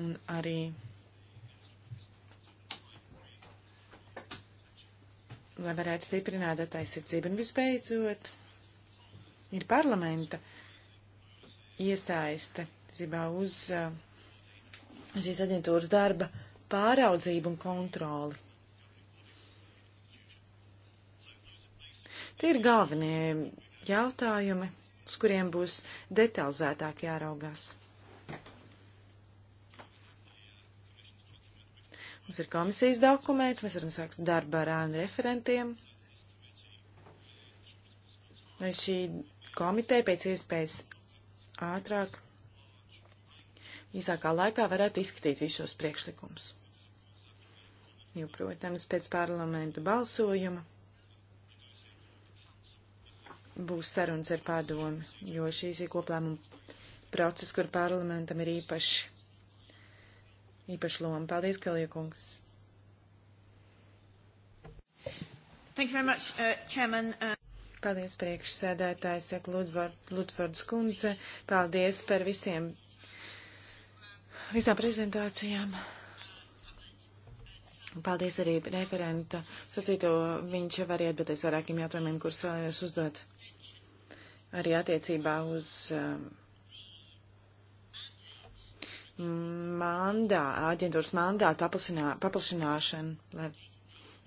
Un arī lai varētu stiprināt attaisardzību. Un visbeidzot, ir parlamenta iesaiste zībā, uh, uz šīs aģentūras darba pāraudzību un kontroli. Tie ir galvenie jautājumi, uz kuriem būs detalizētāk jāraugās. Mums ir komisijas dokuments, mēs varam sākt darbu ar ēnu referentiem. Lai šī komiteja pēc iespējas ātrāk, īsākā laikā varētu izskatīt visus šos priekšlikumus. Jo, protams, pēc parlamenta balsojuma būs sarunas ar padomi, jo šīs ir koplēmuma process, kur parlamentam ir īpaši īpašu lomu. Paldies, Kaliekungs! Thank you very much, uh, Chairman. Uh... Paldies, priekšsēdētājs, saka Ludvards Kundze. Paldies par visiem, visām prezentācijām. Paldies arī referenta. Sacīto, viņš var ietbēties vairākiem jautājumiem, kurus vēlējos uzdot arī attiecībā uz. Uh, mandā, aģentūras mandātu paplašināšanu, lai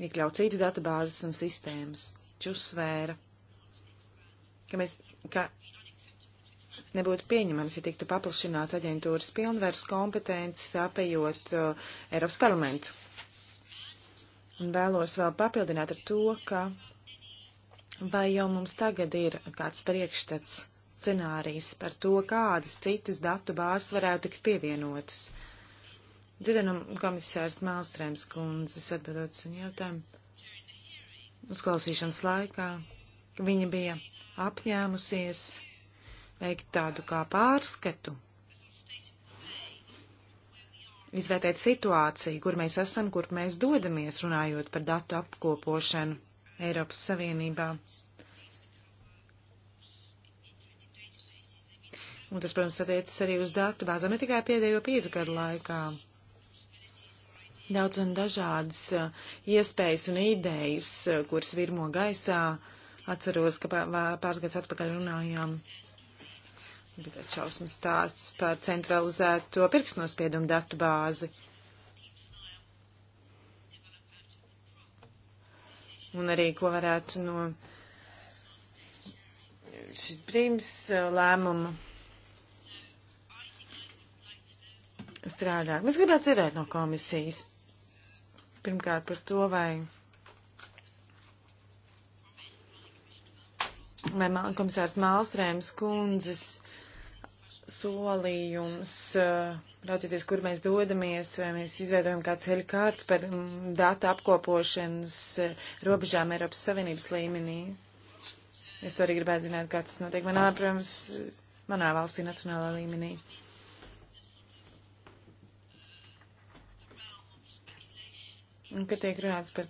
iekļaut citas datubāzes un sistēmas. Čusvēra, ka mēs, ka nebūtu pieņemams, ja tiktu paplašināts aģentūras pilnvērs kompetences apējot uh, Eiropas parlamentu. Un vēlos vēl papildināt ar to, ka vai jau mums tagad ir kāds priekšstats scenārijs par to, kādas citas datu bāzes varētu tikt pievienotas. Dzirdinam komisārs Mālstrēms kundzes atbildot uz jautājumu. Uzklausīšanas laikā viņa bija apņēmusies veikt tādu kā pārskatu izvērtēt situāciju, kur mēs esam, kur mēs dodamies, runājot par datu apkopošanu Eiropas Savienībā. Un tas, protams, attiecas arī uz datu bāzām, ne tikai pēdējo piecu gadu laikā. Daudz un dažādas uh, iespējas un idejas, uh, kuras virmo gaisā. Atceros, ka pāris gadus atpakaļ runājām. Bija šausmas stāsts par centralizēto pirkstnospiedumu datu bāzi. Un arī, ko varētu no šis brīms uh, lēmuma strādāt. Mēs gribētu dzirdēt no komisijas. Pirmkārt par to, vai. Vai komisārs Mālstrēms kundzes solījums, eh, raucieties, kur mēs dodamies, vai mēs izveidojam kādu ceļu kārtu par mm, datu apkopošanas eh, robežām Eiropas Savienības līmenī. Es to arī gribētu zināt, kā tas notiek manā, protams, manā valstī nacionālā līmenī. Uh, Un, kad tiek runāts par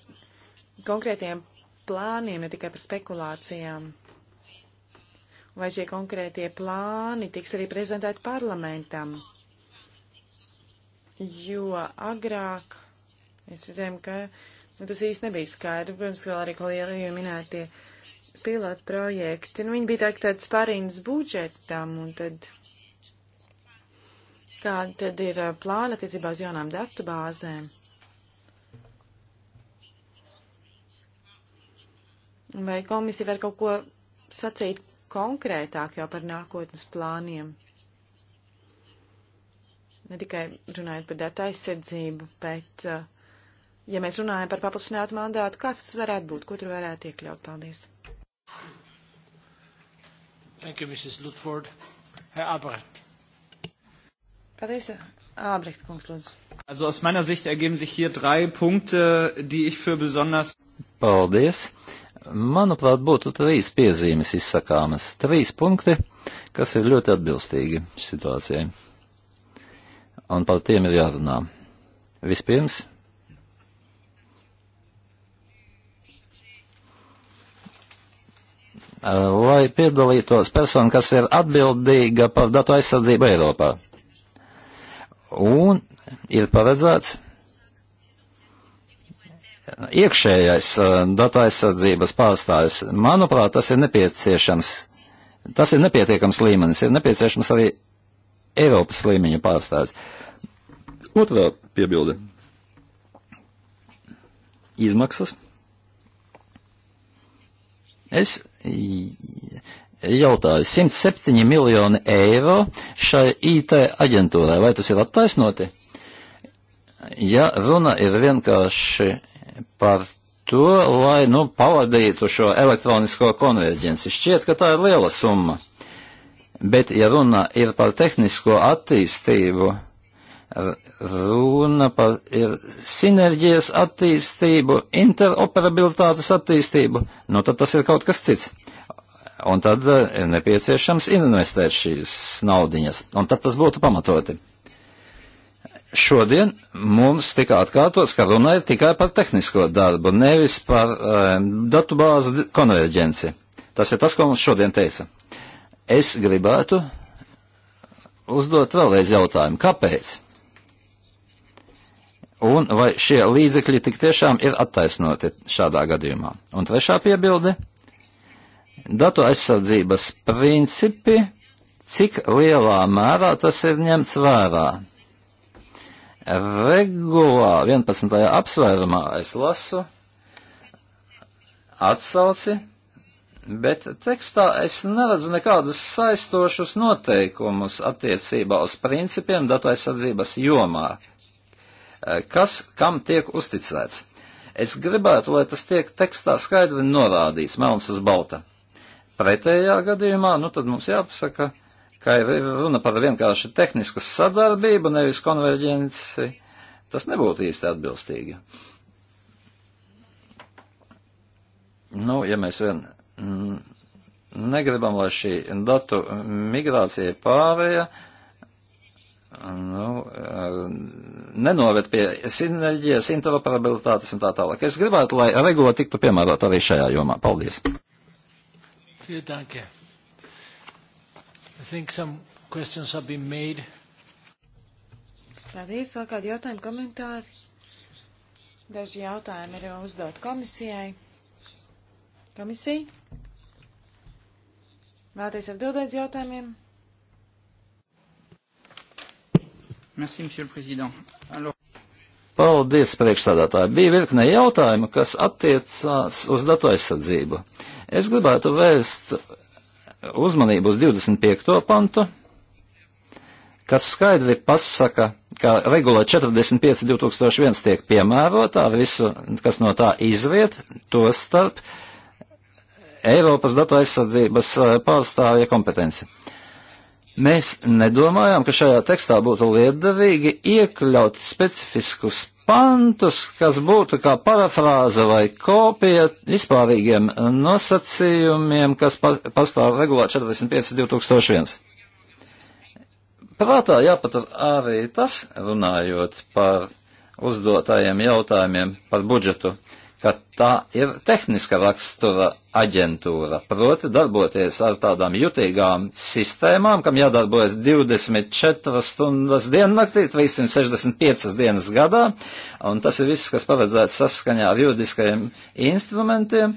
konkrētiem plāniem, ne tikai par spekulācijām, vai šie konkrētie plāni tiks arī prezentēti parlamentam, jo agrāk es redzēju, ka nu, tas īsti nebija skaidrs, protams, vēl arī kolēģi minētie pilotu projekti, nu, viņi bija tā, tāds pārīnas budžetam, un tad kāda tad ir uh, plāna attiecībā uz jaunām datu bāzēm. Vai komisija var kaut ko sacīt konkrētāk jau par nākotnes plāniem? Ne tikai runājot par datu aizsardzību, bet, uh, ja mēs runājam par paplašinātu mandātu, kāds tas varētu būt, ko tur varētu iekļaut? Paldies! Thank you, Mrs. Lutford. Herr Albrecht. Paldies, Albrecht, Kungs, lūdzu. Also aus meiner Sicht ergeben sich hier drei Punkte, die ich für besonders Paldies! Manuprāt, būtu trīs piezīmes izsakāmas, trīs punkti, kas ir ļoti atbilstīgi situācijai. Un par tiem ir jārunā. Vispirms. Lai piedalītos persona, kas ir atbildīga par datu aizsardzību Eiropā. Un ir paredzēts iekšējais eh, datu aizsardzības pārstāvis. Manuprāt, tas ir nepieciešams. Tas ir nepietiekams līmenis. Ir nepieciešams arī Eiropas līmeņa pārstāvis. Otrā piebilde. Izmaksas. Es jautāju, 107 miljoni eiro šai IT aģentūrai, vai tas ir attaisnoti? Ja runa ir vienkārši par to, lai nu, pavadītu šo elektronisko konverģenci. Šķiet, ka tā ir liela summa. Bet, ja runa ir par tehnisko attīstību, runa par sinerģijas attīstību, interoperabilitātes attīstību, nu tad tas ir kaut kas cits. Un tad ir eh, nepieciešams investēt šīs naudiņas, un tad tas būtu pamatoti. Šodien mums tika atkārtots, ka runa ir tikai par tehnisko darbu, nevis par um, datu bāzu konverģenci. Tas ir tas, ko mums šodien teica. Es gribētu uzdot vēlreiz jautājumu, kāpēc? Un vai šie līdzekļi tik tiešām ir attaisnoti šādā gadījumā? Un trešā piebilde - datu aizsardzības principi, cik lielā mērā tas ir ņemts vērā? Regulā 11. apsvērumā es lasu atsauci, bet tekstā es neredzu nekādus saistošus noteikumus attiecībā uz principiem datu aizsardzības jomā, kas kam tiek uzticēts. Es gribētu, lai tas tiek tekstā skaidri norādīts, melns uz balta. Pretējā gadījumā, nu tad mums jāpasaka, uh, ka ir runa par vienkārši tehnisku sadarbību, nevis konverģenci, tas nebūtu īsti atbilstīgi. Nu, ja mēs vien negribam, lai šī datu migrācija pārēja, nu, nenoved pie sinerģijas, interoperabilitātes un tā tālāk. Es gribētu, lai regula tiktu piemērota arī šajā jomā. Paldies! Vielen Dank think some questions have been made. Paldies, vēl kādi jautājumi, komentāri? Daži jautājumi ir uzdot komisijai. Komisija? Vēlaties atbildēt jautājumiem? Merci, monsieur le président. Alors... Paldies, priekšstādātāji. Bija virkne jautājumu, kas attiecās uz datu aizsardzību. Es gribētu vērst uzmanību uz 25. pantu, kas skaidri pasaka, ka regula 45.2001 tiek piemērotā, visu, kas no tā izriet, to starp Eiropas datu aizsardzības eh, pārstāvja kompetenci. Mēs nedomājām, ka šajā tekstā būtu liederīgi iekļaut specifiskus pantus, kas būtu kā parafrāze vai kopija vispārīgiem nosacījumiem, kas pa, pastāv regulā 45.2001. Prātā jāpatur arī tas, runājot par uzdotajiem jautājumiem par budžetu. Uh, ka tā ir tehniska rakstura aģentūra, proti darboties ar tādām jutīgām sistēmām, kam jādarbojas 24 stundas diennaktī, 365 dienas gadā, un tas ir viss, kas paredzēts saskaņā ar juridiskajiem instrumentiem.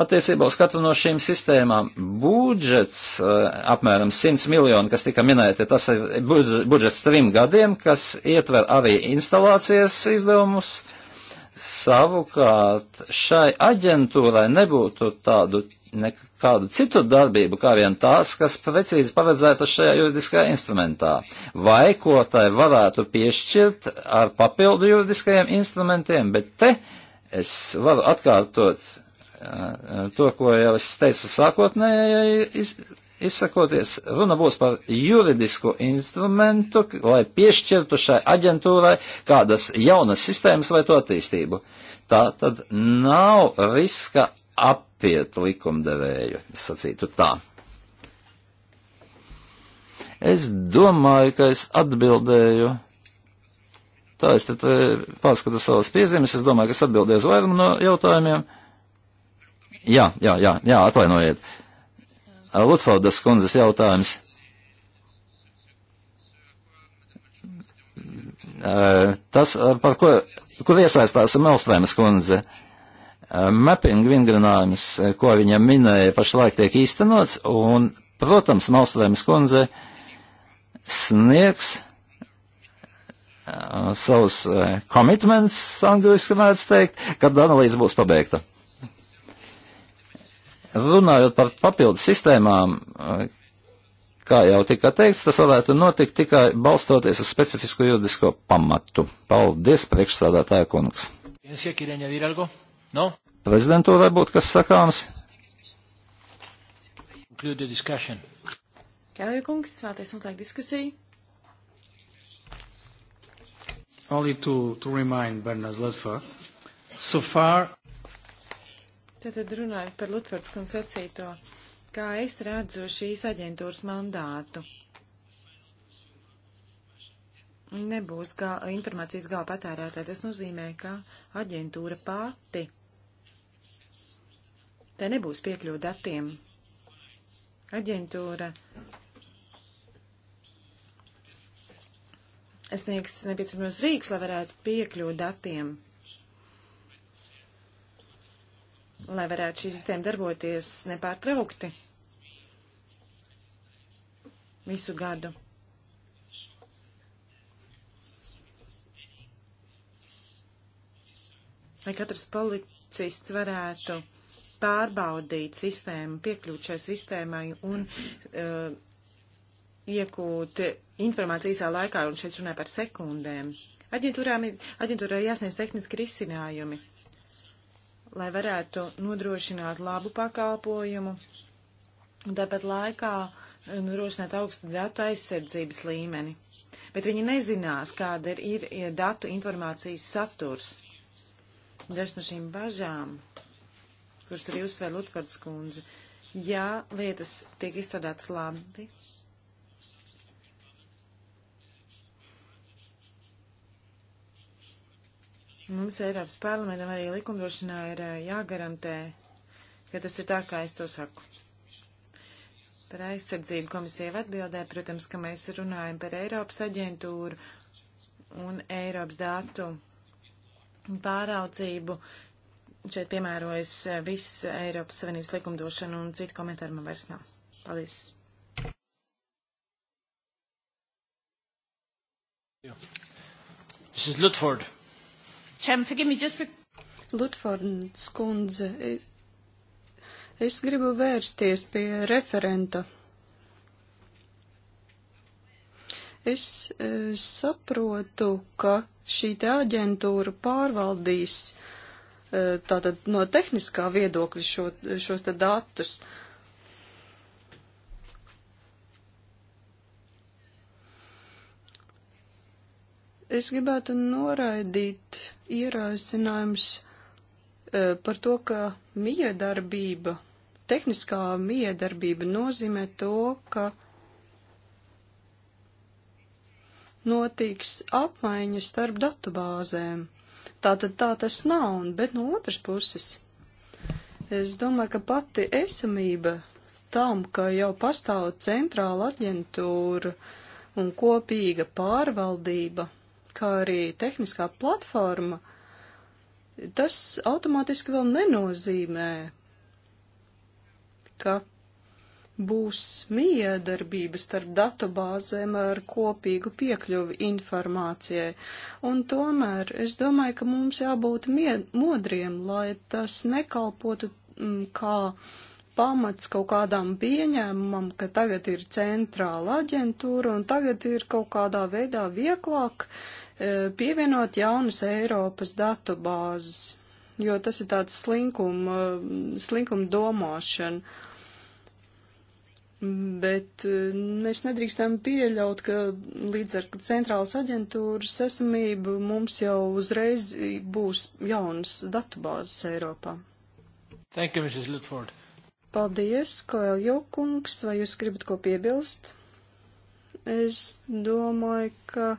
Attiecībā uz katru no šīm sistēmām budžets eh, apmēram 100 miljoni, kas tika minēti, tas ir budžets trim gadiem, kas ietver arī instalācijas izdevumus, Savukārt šai aģentūrai nebūtu tādu nekādu citu darbību, kā vien tās, kas precīzi paredzēta šajā juridiskajā instrumentā, vai ko tai varētu piešķirt ar papildu juridiskajiem instrumentiem, bet te es varu atkārtot eh, to, ko jau es teicu sākotnējai izsakoties, runa būs par juridisku instrumentu, lai piešķirtu šai aģentūrai kādas jaunas sistēmas vai to attīstību. Tā tad nav riska apiet likumdevēju, es sacītu tā. Es domāju, ka es atbildēju. Tā es tad eh, pārskatu savas piezīmes, es domāju, ka es atbildēju uz vairumu no jautājumiem. Jā, jā, jā, jā, atvainojiet. Uh, Lutfaudas kundzes jautājums. Tas, par ko, kur iesaistās Melstrēmas kundze, mapping vingrinājums, ko viņa minēja, pašlaik tiek īstenots, un, protams, Melstrēmas kundze sniegs savus komitments, angliski mēdz teikt, kad analīze būs pabeigta. Runājot par papildu sistēmām, kā jau tika teikts, tas varētu notikt tikai balstoties uz specifisku juridisko pamatu. Paldies, priekšstādātāja kungs. No? Prezidentūrai būtu kas sakāms? Kēlī kungs, vēlaties noslēgt diskusiju? Only to, to remind Bernard Lutfer, so far Tad runājot par Lutfords koncepcīto, kā es redzu šīs aģentūras mandātu. Nebūs kā informācijas gala patērētāji. Tas nozīmē, ka aģentūra pati. Te nebūs piekļuva datiem. Aģentūra sniegs nepieciešamos rīks, lai varētu piekļūt datiem. lai varētu šī sistēma darboties nepārtraukti visu gadu. Lai katrs policists varētu pārbaudīt sistēmu, piekļūt šai sistēmai un uh, iegūt informāciju īsā laikā, un šeit runāja par sekundēm. Aģentūrām ir, aģentūrā jāsniedz tehniski risinājumi. Uh, lai varētu nodrošināt labu pakalpojumu un tāpat laikā eh, nodrošināt augstu datu aizsardzības līmeni. Bet viņi nezinās, kāda ir, ir datu informācijas saturs. Dažs no šīm bažām, kuras arī uzsver Lutvards kundze, ja lietas tiek izstrādātas labi, Mums Eiropas parlamentam arī likumdošanā ir eh, jāgarantē, ka tas ir tā, kā es to saku. Par aizsardzību komisija atbildē, protams, ka mēs runājam par Eiropas aģentūru un Eiropas datu pāraudzību. Šeit piemērojas eh, viss Eiropas Savienības likumdošana un citu komentāru man vairs nav. Paldies. Jā. Mrs. Lutford. Chairman, forgive me just for... Lutfords kundze, es gribu vērsties pie referenta. Es e, saprotu, ka šī te aģentūra pārvaldīs e, tātad no tehniskā viedokļa šo, šos te datus. Uh, Es gribētu noraidīt ieraisinājums e, par to, ka miedarbība, tehniskā miedarbība nozīmē to, ka notiks apmaiņa starp datubāzēm. Tātad tā tas nav, bet no otras puses. Es domāju, ka pati esamība tam, ka jau pastāv centrāla aģentūra un kopīga pārvaldība – kā arī tehniskā platforma, tas automātiski vēl nenozīmē, ka būs miedarbība starp datubāzēm ar kopīgu piekļuvi informācijai. Un tomēr es domāju, ka mums jābūt modriem, lai tas nekalpotu m, mm, kā pamats kaut kādām pieņēmumam, ka tagad ir centrāla aģentūra un tagad ir kaut kādā veidā vieglāk E, pievienot jaunas Eiropas datubāzes, jo tas ir tāds slinkuma, e, slinkuma domāšana. Bet e, mēs nedrīkstam pieļaut, ka līdz ar centrālas aģentūras esamību mums jau uzreiz būs jaunas datubāzes Eiropā. Thank you, Mrs. Lutford. Paldies, Koeljo kungs, vai jūs gribat ko piebilst? Es domāju, ka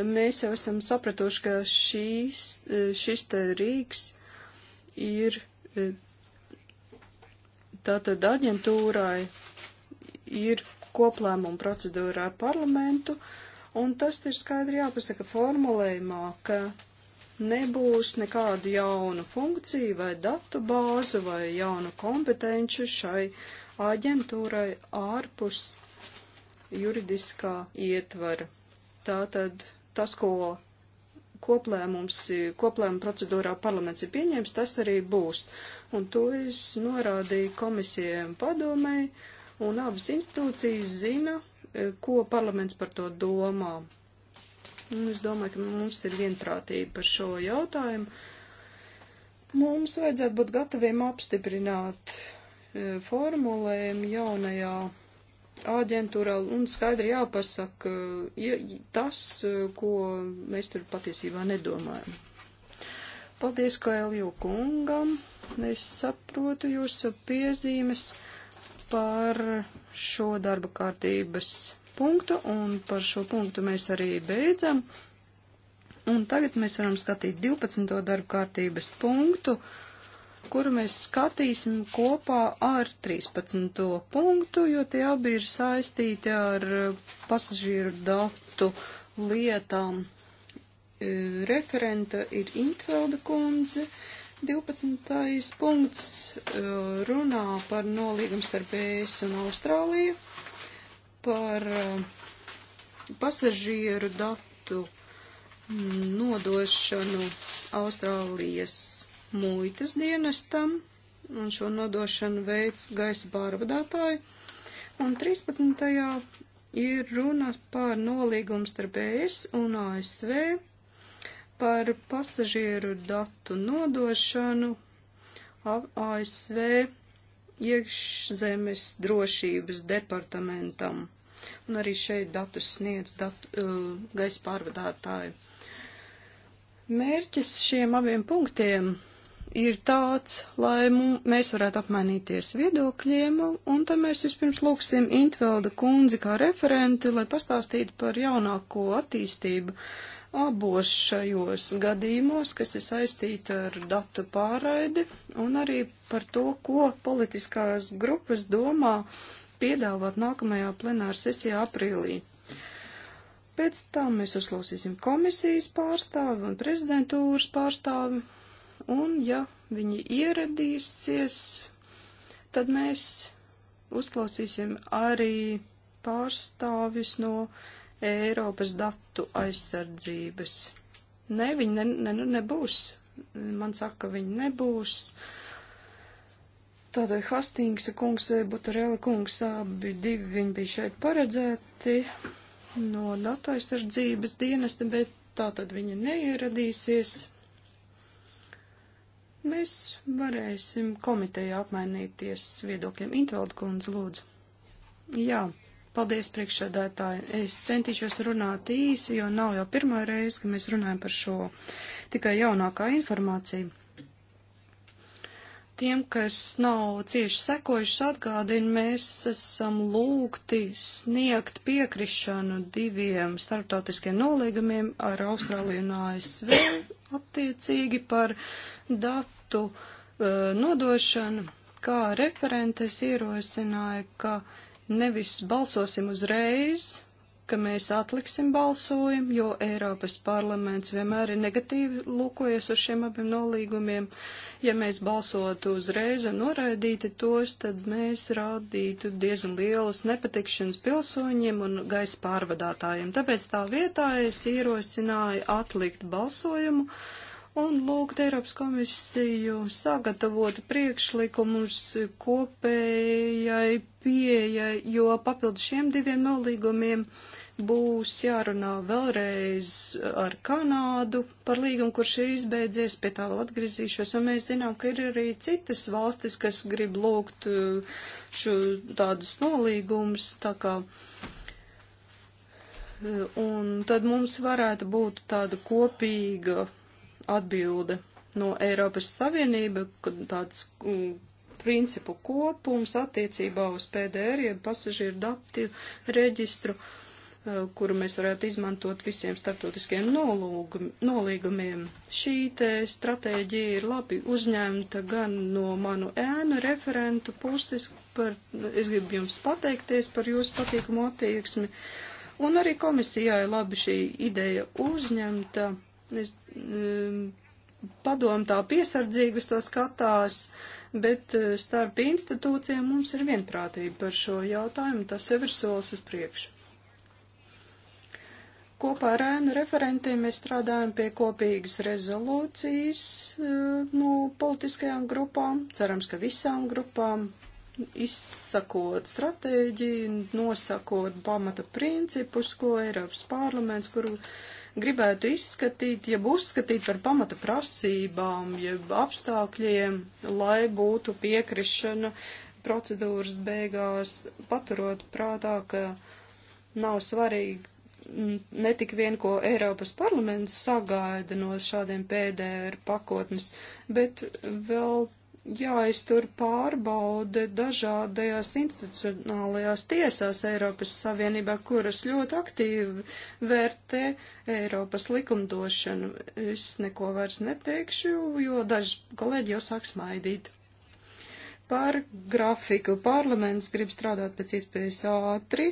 Mēs jau esam sapratuši, ka šīs, šis te Rīgs ir e, tātad aģentūrai ir koplēmuma procedūra ar parlamentu, un tas ir skaidri jāpasaka formulējumā, ka nebūs nekādu jaunu funkciju vai datu bāzu vai jaunu kompetenču šai aģentūrai ārpus juridiskā ietvara. Tātad tas, ko koplēmums, koplēmuma procedūrā parlaments ir pieņēmis, tas arī būs. Un to es norādīju komisijai un padomēji, un abas institūcijas zina, eh, ko parlaments par to domā. Un es domāju, ka mums ir vienprātība par šo jautājumu. Mums vajadzētu būt gataviem apstiprināt eh, formulējumu jaunajā aģentūrā un skaidri jāpasaka ja, tas, ko mēs tur patiesībā nedomājam. Paldies Kailju kungam. Es saprotu jūsu piezīmes par šo darba kārtības punktu, un par šo punktu mēs arī beidzam. Un tagad mēs varam skatīt 12. darba kārtības punktu. Uh, kuru mēs skatīsim kopā ar 13. punktu, jo tie abi ir saistīti ar eh, pasažieru datu lietām. Eh, referenta ir Intvelda kundze. 12. punkts eh, runā par nolīgumu starp ES un Austrāliju, par pasažieru datu mm, nodošanu Austrālijas muitas dienestam, un šo nodošanu veids gaisa pārvadātāji. Un 13. ir runa par nolīgumu starp ES un ASV par pasažieru datu nodošanu ASV iekšzemes drošības departamentam. Un arī šeit datus sniedz datu, uh, gaisa pārvadātāji. Mērķis šiem abiem punktiem ir tāds, lai mēs varētu apmainīties viedokļiem, un tad mēs vispirms lūksim Intvelda kundzi kā referenti, lai pastāstītu par jaunāko attīstību abos šajos gadījumos, kas ir saistīti ar datu pārraidi, un arī par to, ko politiskās grupas domā piedāvāt nākamajā plenāra sesijā aprīlī. Pēc tam mēs uzklausīsim komisijas pārstāvi un prezidentūras pārstāvi, un ja viņi ieradīsies, tad mēs uzklausīsim arī pārstāvis no Eiropas datu aizsardzības. Nē, viņi ne, ne, nu, nebūs. Man saka, viņi nebūs. Tātad Hastings kungs, Butarela kungs, abi divi viņi bija šeit paredzēti no datu aizsardzības dienesta, bet tātad viņi neieradīsies. Mēs varēsim komiteja apmainīties viedokļiem. Intvelda kundze, lūdzu. Jā, paldies priekšsēdētāji. Es centīšos runāt īsi, jo nav jau pirmā reize, ka mēs runājam par šo tikai jaunākā informāciju tiem, kas nav cieši sekojuši atgādina, mēs esam lūgti sniegt piekrišanu diviem starptautiskiem nolīgumiem ar Austrāliju un ASV attiecīgi par datu e, nodošanu, kā referentes ierosināja, ka nevis balsosim uzreiz, ka mēs atliksim balsojumu, jo Eiropas parlaments vienmēr ir negatīvi lūkojies uz šiem abiem nolīgumiem. Ja mēs balsotu uzreiz un noraidītu tos, tad mēs rādītu diezgan lielas nepatikšanas pilsoņiem un gaisa pārvadātājiem. Tāpēc tā vietā es ierosināju atlikt balsojumu. Uh, un lūgt Eiropas komisiju sagatavot priekšlikumus kopējai pieejai, jo papildus šiem diviem nolīgumiem būs jārunā vēlreiz ar Kanādu par līgumu, kurš ir izbeidzies, pie tā vēl atgriezīšos, un mēs zinām, ka ir arī citas valstis, kas grib lūgt uh, šo tādus nolīgumus, tā kā uh, un tad mums varētu būt tāda kopīga atbilde no Eiropas Savienība, kad tāds um, principu kopums attiecībā uz PDR, jeb pasažieru dati reģistru, uh, kuru mēs varētu izmantot visiem starptautiskiem nolūgum, nolīgumiem. Šī te stratēģija ir labi uzņemta gan no manu ēnu referentu puses, par, es gribu jums pateikties par jūsu patīkamu attieksmi, un arī komisijai labi šī ideja uzņemta. Uh, Es, um, padomu tā piesardzīgi uz to skatās, bet uh, starp institūcijiem mums ir vienprātība par šo jautājumu, tas jau ir solis uz priekšu. Kopā ar ēnu referentiem mēs strādājam pie kopīgas rezolūcijas uh, no politiskajām grupām, cerams, ka visām grupām, izsakot stratēģiju, nosakot pamata principus, ko Eiropas parlaments, kuru gribētu izskatīt, jeb uzskatīt par pamata prasībām, jeb apstākļiem, lai būtu piekrišana procedūras beigās, paturot prātā, ka nav svarīgi ne tik vien, ko Eiropas parlaments sagaida no šādiem PDR pakotnes, bet vēl jāiztur pārbaude dažādajās institucionālajās tiesās Eiropas Savienībā, kuras ļoti aktīvi vērtē Eiropas likumdošanu. Es neko vairs neteikšu, jo daži kolēģi jau sāk smaidīt. Par grafiku parlaments grib strādāt pēc iespējas ātri.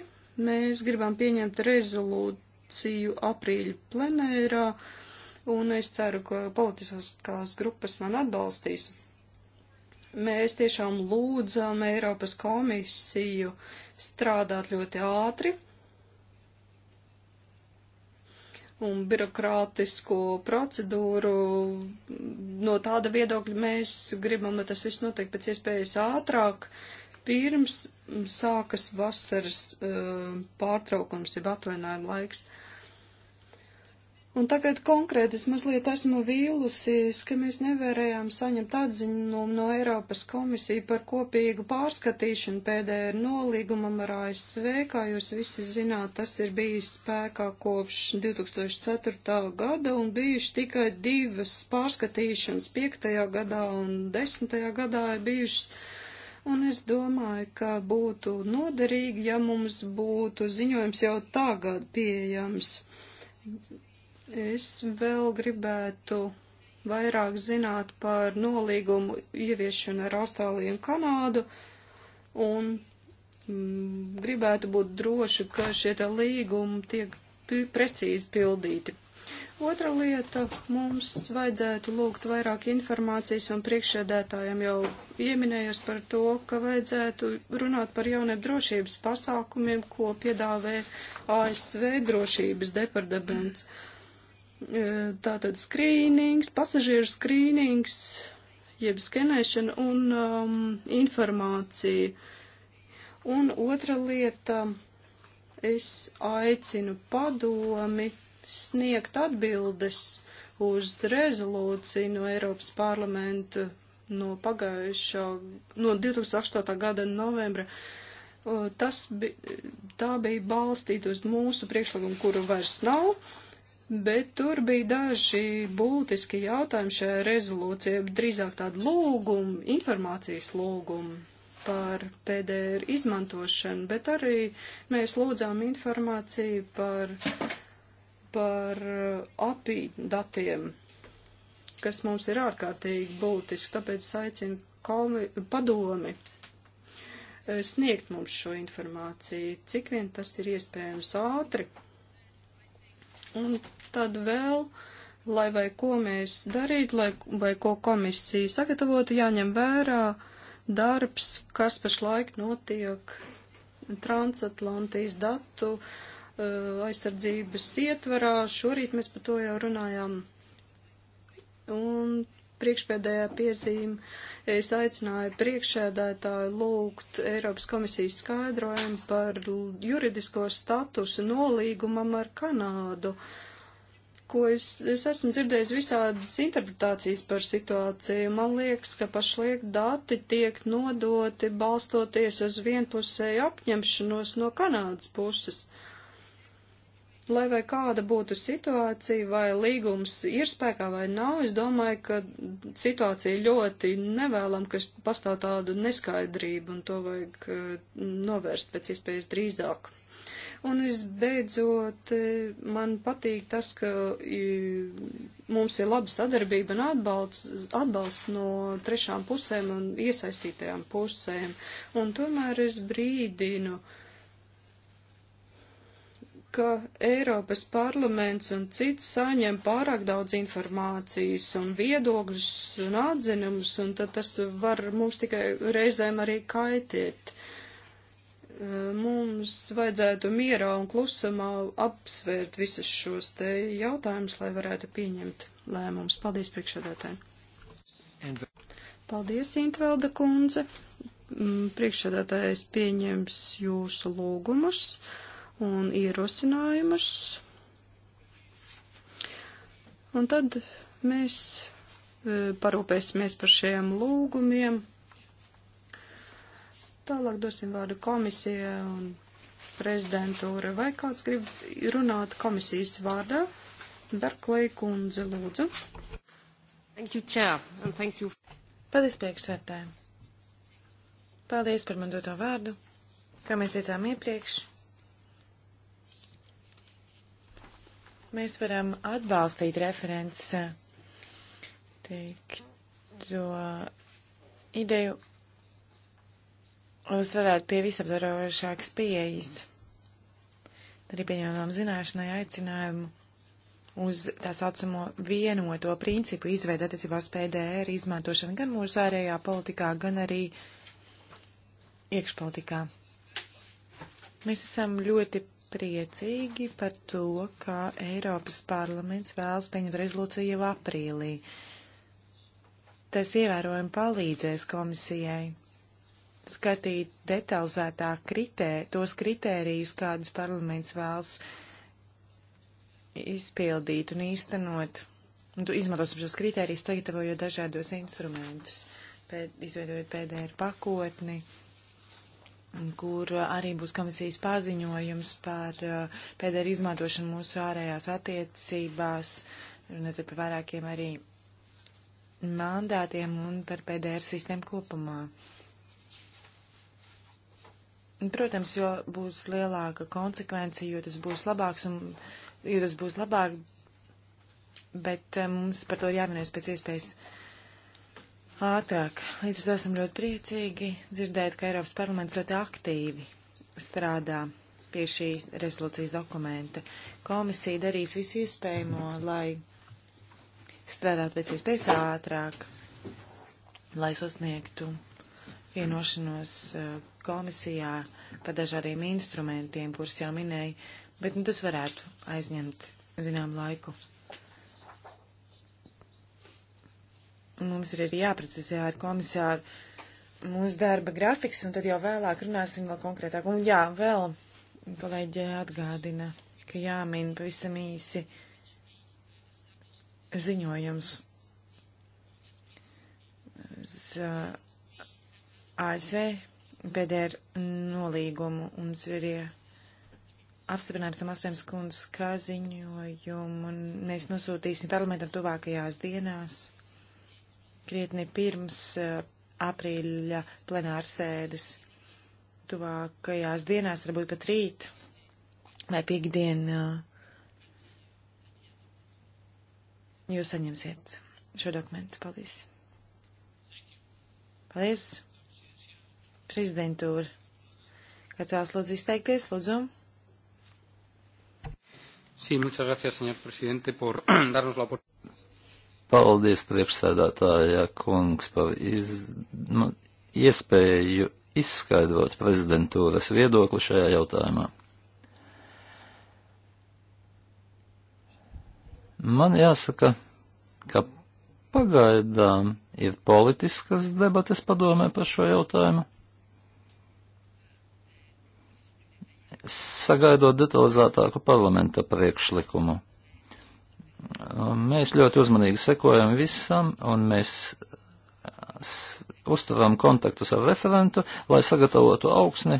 Mēs gribam pieņemt rezolūciju aprīļa plenērā, un es ceru, ka politiskās grupas man atbalstīs Mēs tiešām lūdzām Eiropas komisiju strādāt ļoti ātri un birokrātisko procedūru. No tāda viedokļa mēs gribam, lai tas viss notiek pēc iespējas ātrāk, pirms sākas vasaras uh, pārtraukums, jeb atvainājuma laiks. Uh, Un tagad konkrēti es mazliet esmu vīlusies, ka mēs nevarējām saņemt atziņumu no Eiropas komisiju par kopīgu pārskatīšanu PDR nolīgumam ar ASV, kā jūs visi zināt, tas ir bijis spēkā kopš 2004. gada un bijuši tikai divas pārskatīšanas 5. gadā un 10. gadā ir bijušas. Un es domāju, ka būtu noderīgi, ja mums būtu ziņojums jau tagad pieejams Es vēl gribētu vairāk zināt par nolīgumu ieviešanu ar Austrāliju un Kanādu, un mm, gribētu būt droši, ka šie te līgumi tiek precīzi pildīti. Otra lieta - mums vajadzētu lūgt vairāk informācijas, un priekšsēdētājiem jau pieminējos par to, ka vajadzētu runāt par jauniem drošības pasākumiem, ko piedāvē ASV drošības departaments. Mm E, tātad skrīnings, pasažieru skrīnings, jeb skenēšana un um, informācija. Un otra lieta, es aicinu padomi sniegt atbildes uz rezolūciju no Eiropas parlamenta no pagājušā, no 2008. gada novembra. Tas, bi, tā bija balstīta uz mūsu priekšlikumu, kuru vairs nav bet tur bija daži būtiski jautājumi šajā rezolūcijā, drīzāk tādu lūgumu, informācijas lūgumu par PDR izmantošanu, bet arī mēs lūdzām informāciju par, par uh, API datiem, kas mums ir ārkārtīgi būtiski, tāpēc aicinu komi, padomi uh, sniegt mums šo informāciju, cik vien tas ir iespējams ātri. Un tad vēl, lai vai ko mēs darītu, lai vai ko komisija sagatavotu, jāņem vērā darbs, kas pašlaik notiek transatlantijas datu eh, aizsardzības ietvarā. Šorīt mēs par to jau runājām. Un priekšpēdējā piezīme. Es aicināju priekšēdētāju lūgt Eiropas komisijas skaidrojumu par juridisko statusu nolīgumam ar Kanādu, ko es, es esmu dzirdējis visādas interpretācijas par situāciju. Man liekas, ka pašlaik dati tiek nodoti balstoties uz vienpusēju apņemšanos no Kanādas puses lai vai kāda būtu situācija, vai līgums ir spēkā vai nav, es domāju, ka situācija ļoti nevēlam, ka pastāv tāda neskaidrība un to vajag eh, novērst pēc iespējas drīzāk. Un visbeidzot, eh, man patīk tas, ka mums ir laba sadarbība un atbalsts, atbalsts no trešām pusēm un iesaistītajām pusēm. Un tomēr es brīdinu, uh, ka Eiropas parlaments un cits saņem pārāk daudz informācijas un viedokļus un atzinumus, un tad tas var mums tikai reizēm arī kaitēt. Eh, mums vajadzētu mierā un klusumā apsvērt visus šos te jautājumus, lai varētu pieņemt lēmumus. Paldies priekšsēdētājiem. Paldies, Intvelda kundze. Mm, Priekšsēdētājs pieņems jūsu lūgumus un ierosinājumus. Un tad mēs e, parūpēsimies par šiem lūgumiem. Tālāk dosim vārdu komisijai un prezidentūra. Vai kāds grib runāt komisijas vārdā? Berklei kundze, lūdzu. Thank you, chair, and thank you. Paldies, priekšsētājiem. Paldies par man doto vārdu. Kā mēs teicām iepriekš, Mēs varam atbalstīt referents eh, teikto ideju strādāt pie visaptvarošākas pieejas. Arī pieņemam zināšanai aicinājumu uz tā saucamo vienoto principu izveidu attiecībā uz PDR izmantošanu gan mūsu ārējā politikā, gan arī iekšpolitikā. Mēs esam ļoti priecīgi par to, ka Eiropas parlaments vēlas pieņemt rezolūciju jau aprīlī. Tas ievērojami palīdzēs komisijai skatīt detalizētāk kritē, tos kritērijus, kādus parlaments vēlas izpildīt un īstenot. Un tu izmantosim šos kritērijus, sagatavojot dažādos instrumentus, pēd, izveidojot pēdējo pakotni. Uh, kur uh, arī būs komisijas paziņojums par uh, pēdējo izmantošanu mūsu ārējās attiecībās, runāt par vairākiem arī mandātiem un par PDR sistēmu kopumā. Protams, jo būs lielāka konsekvence, jo tas būs labāks un jo tas būs labāk, bet uh, mums par to jāvienojas pēc iespējas uh, ātrāk. Līdz ar to esam ļoti priecīgi dzirdēt, ka Eiropas parlaments ļoti aktīvi strādā pie šī rezolūcijas dokumenta. Komisija darīs visu iespējamo, lai strādātu pēc iespējas ātrāk, lai sasniegtu vienošanos eh, komisijā par dažādiem instrumentiem, kurus jau minēju, bet nu, tas varētu aizņemt zinām laiku. Mums ir arī jāprecizē ar komisāru mūsu darba grafiks, un tad jau vēlāk runāsim vēl konkrētāk. Un jā, vēl kolēģi atgādina, ka jāmin pavisam īsi ziņojums. Uz, uh, ASV PDR nolīgumu un ir arī apstiprinājums tam astoņas kundas, ka ziņojumu mēs nosūtīsim parlamentam tuvākajās dienās krietni pirms eh, aprīļa plenārsēdes tuvākajās dienās, varbūt pat rīt vai piekdien, eh, jūs saņemsiet šo dokumentu. Paldies! Paldies! Prezidentūra. Kāds vēlas lūdzu izteikties, lūdzu? Sí, muchas gracias, señor presidente, por darnos la oportunidad. Paldies priekšsēdētājā kungs par iz, nu, iespēju izskaidrot prezidentūras viedokli šajā jautājumā. Man jāsaka, ka pagaidām ir politiskas debates padomē par šo jautājumu. Sagaidot detalizētāku parlamenta priekšlikumu. Mēs ļoti uzmanīgi sekojam visam, un mēs uh, uzturam kontaktus ar referentu, lai sagatavotu augsni,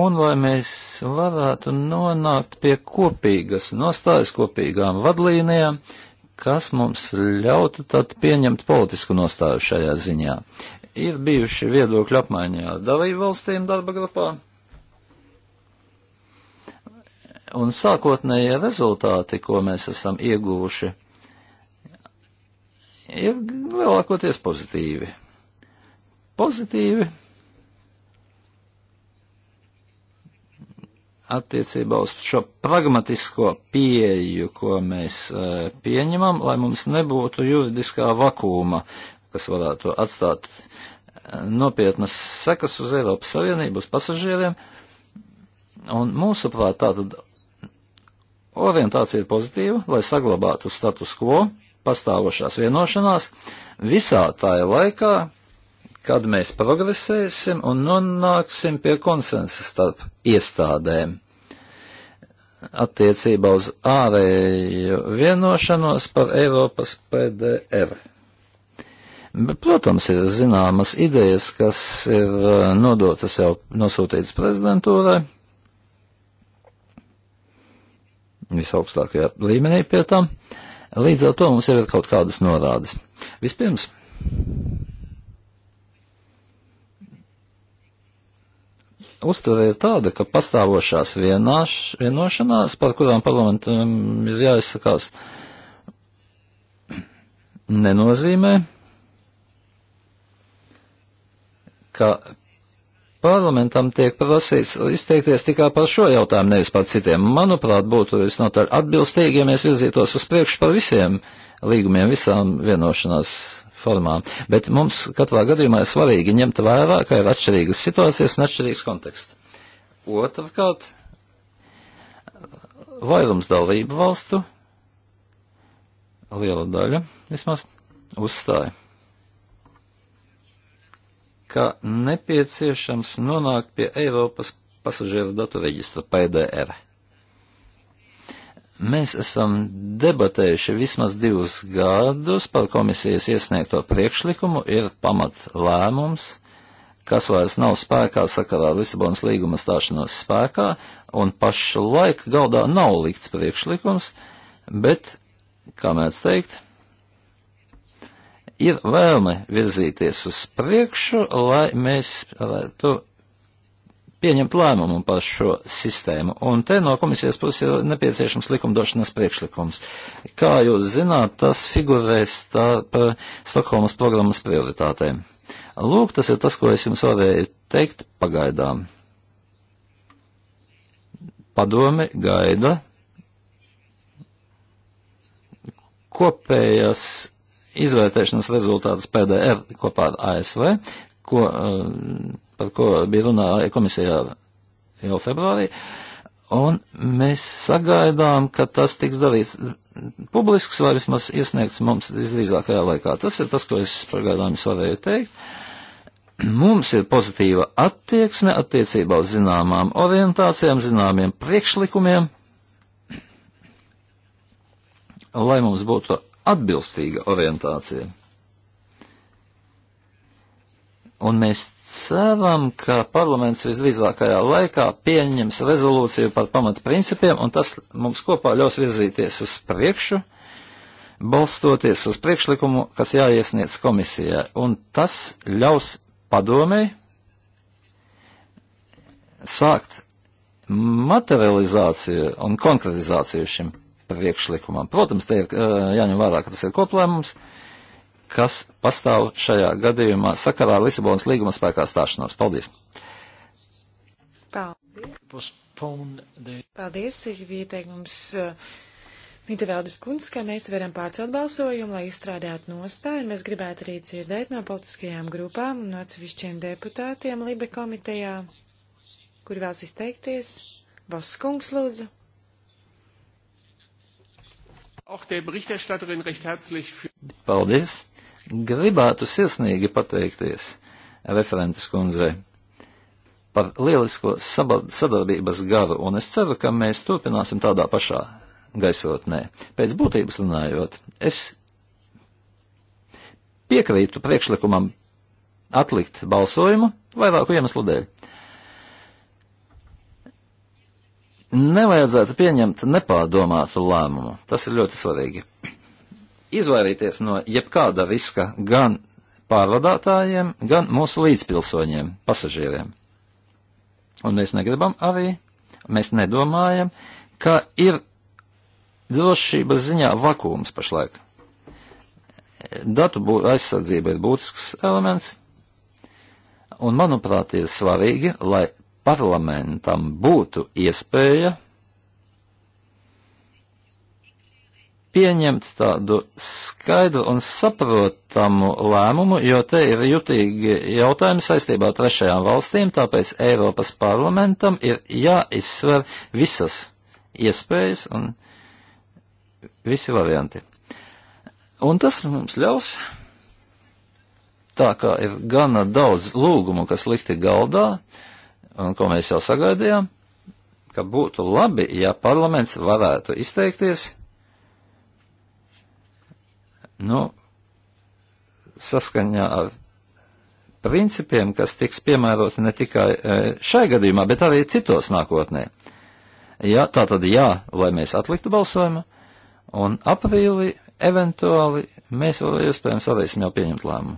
un lai mēs varētu nonākt pie kopīgas nostājas, kopīgām vadlīnijām, kas mums ļautu tad pieņemt politisku nostāju šajā ziņā. Ir bijuši viedokļu apmaiņā ar dalību valstīm darba grupā Un sākotnējie rezultāti, ko mēs esam ieguvuši, ir lielākoties pozitīvi. Pozitīvi attiecībā uz šo pragmatisko pieeju, ko mēs e, pieņemam, lai mums nebūtu juridiskā vakūma, kas varētu atstāt e, nopietnas sekas uz Eiropas Savienību, uz pasažieriem. Un mūsuprāt, tātad Orientācija ir pozitīva, lai saglabātu status quo, pastāvošās vienošanās, visā tajā laikā, kad mēs progresēsim un nonāksim pie konsensa starp iestādēm. Attiecībā uz ārēju vienošanos par Eiropas PDR. Bet, protams, ir zināmas idejas, kas ir eh, nodotas jau nosūtītas prezidentūrai visaugstākajā līmenī pie tam. Līdz ar to mums jau ir kaut kādas norādes. Vispirms. Uztvere ir tāda, ka pastāvošās vienāš, vienošanās, par kurām parlamentam ir jāizsakās, nenozīmē, ka Parlamentam tiek prasīts izteikties tikai par šo jautājumu, nevis par citiem. Manuprāt, būtu visnotaļ atbilstīgi, ja mēs virzītos uz priekšu par visiem līgumiem, visām vienošanās formām. Bet mums katrā gadījumā ir svarīgi ņemt vērā, ka ir atšķirīgas situācijas un atšķirīgs konteksts. Otrakārt, vairums dalību valstu, liela daļa vismaz, uzstāja ka nepieciešams nonākt pie Eiropas pasažieru datu reģistra PDR. Mēs esam debatējuši vismaz divus gadus par komisijas iesniegto priekšlikumu, ir pamat lēmums, kas vairs nav spēkā sakarā ar Lisabonas līguma stāšanos spēkā, un pašlaik galdā nav likts priekšlikums, bet, kā mēdz teikt, ir vēlme virzīties uz priekšu, lai mēs varētu pieņemt lēmumu par šo sistēmu. Un te no komisijas puses ir nepieciešams likumdošanas priekšlikums. Kā jūs zināt, tas figurēs starp Stokholmas programmas prioritātēm. Lūk, tas ir tas, ko es jums varēju teikt pagaidām. Padome gaida kopējas izvērtēšanas rezultātus PDR kopā ar ASV, ko, eh, par ko bija runā komisijā jau februārī, un mēs sagaidām, ka tas tiks darīts publisks vai vismaz iesniegts mums visdrīzākajā laikā. Tas ir tas, ko es pagaidām jums varēju teikt. Mums ir pozitīva attieksme attiecībā uz zināmām orientācijām, zināmiem priekšlikumiem, lai mums būtu atbilstīga orientācija. Un mēs ceram, ka parlaments visdrīzākajā laikā pieņems rezolūciju par pamata principiem, un tas mums kopā ļaus virzīties uz priekšu, balstoties uz priekšlikumu, kas jāiesniedz komisijai. Un tas ļaus padomēji sākt materializāciju un konkretizāciju šim priekšlikumam. Protams, te ir eh, jāņem vērā, ka tas ir koplēmums, kas pastāv šajā gadījumā sakarā ar Lisabonas līguma spēkā stāšanos. Paldies! Paldies! Paldies, ir ieteikums eh, Mitevēldes kundze, ka mēs varam pārcelt balsojumu, lai izstrādātu nostāju, un mēs gribētu arī dzirdēt no politiskajām grupām un no atsevišķiem deputātiem Libe komitejā, kuri vēlas izteikties. Voskungs, lūdzu. Paldies! Gribētu sirsnīgi pateikties referentes kundzei par lielisko sadarbības garu, un es ceru, ka mēs turpināsim tādā pašā gaisotnē. Pēc būtības runājot, es piekrītu priekšlikumam atlikt balsojumu vairāku iemeslu dēļ. Nevajadzētu pieņemt nepārdomātu lēmumu. Tas ir ļoti svarīgi. Izvairīties no jebkāda riska gan pārvadātājiem, gan mūsu līdzpilsoņiem, pasažieriem. Un mēs negribam arī, mēs nedomājam, ka ir drošības ziņā vakums pašlaik. Datu bū, aizsardzība ir būtisks elements, un manuprāt ir svarīgi, lai parlamentam būtu iespēja pieņemt tādu skaidru un saprotamu lēmumu, jo te ir jutīgi jautājumi saistībā ar trešajām valstīm, tāpēc Eiropas parlamentam ir jāizsver visas iespējas un visi varianti. Un tas mums ļaus, tā kā ir gana daudz lūgumu, kas likti galdā, uh, un ko mēs jau sagaidījām, ka būtu labi, ja parlaments varētu izteikties, nu, saskaņā ar principiem, kas tiks piemēroti ne tikai e, šai gadījumā, bet arī citos nākotnē. Jā, tā tad jā, lai mēs atliktu balsojumu, un aprīlī eventuāli mēs vēl iespējams varēsim jau pieņemt lēmumu.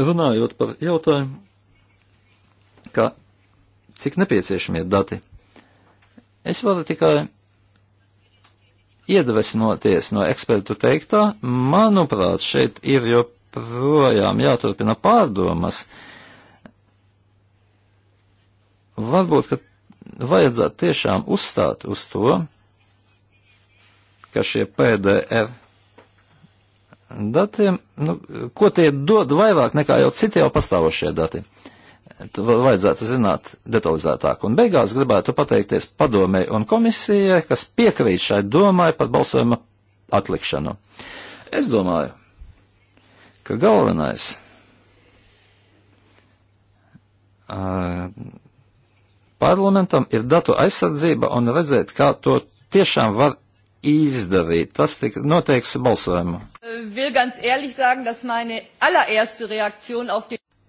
Runājot par jautājumu, ka cik nepieciešami ir dati. Es varu tikai iedvesmoties no ekspertu teiktā, manuprāt, šeit ir joprojām jāturpina pārdomas. Varbūt, ka vajadzētu tiešām uzstāt uz to, ka šie PDR datiem, nu, ko tie dod vairāk nekā jau citi jau pastāvošie dati. Uh, To vajadzētu zināt detalizētāk. Un beigās gribētu pateikties padomē un komisijai, kas piekrīt šai domai par balsojuma atlikšanu. Es domāju, ka galvenais uh, parlamentam ir datu aizsardzība un redzēt, kā to tiešām var izdarīt. Tas tik noteikts balsojumu. Äh,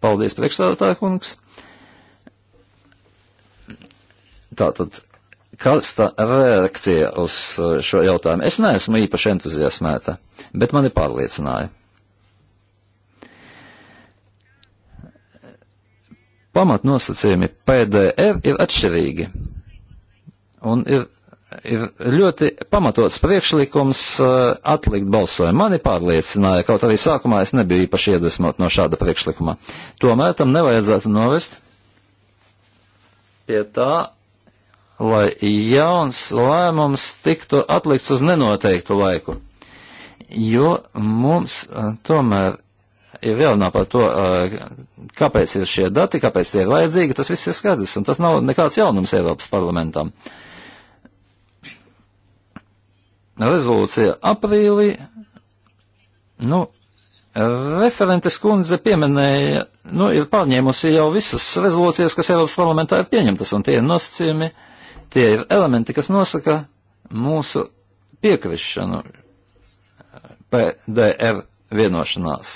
Paldies, priekšstādātāja kungs. Tātad, kas tā reakcija uz uh, šo jautājumu? Es neesmu īpaši entuziasmēta, bet mani pārliecināja. Pamatnosacījumi PDR ir atšķirīgi un ir, ir ļoti pamatots priekšlikums uh, atlikt balsojumu. Mani pārliecināja, kaut arī sākumā es nebiju īpaši iedvesmot no šāda priekšlikuma. Tomēr tam nevajadzētu novest pie tā, lai jauns lēmums tiktu atlikts uz nenoteiktu laiku, jo mums tomēr ir jārunā par to, kāpēc ir šie dati, kāpēc tie ir vajadzīgi, tas viss ir skaidrs, un tas nav nekāds jaunums Eiropas parlamentam. Rezolūcija aprīlī, nu, referentes kundze pieminēja, nu, ir pārņēmusi jau visas rezolūcijas, kas Eiropas parlamentā ir pieņemtas, un tie ir nosacījumi. Uh, Tie ir elementi, kas nosaka mūsu piekrišanu eh, PDR vienošanās.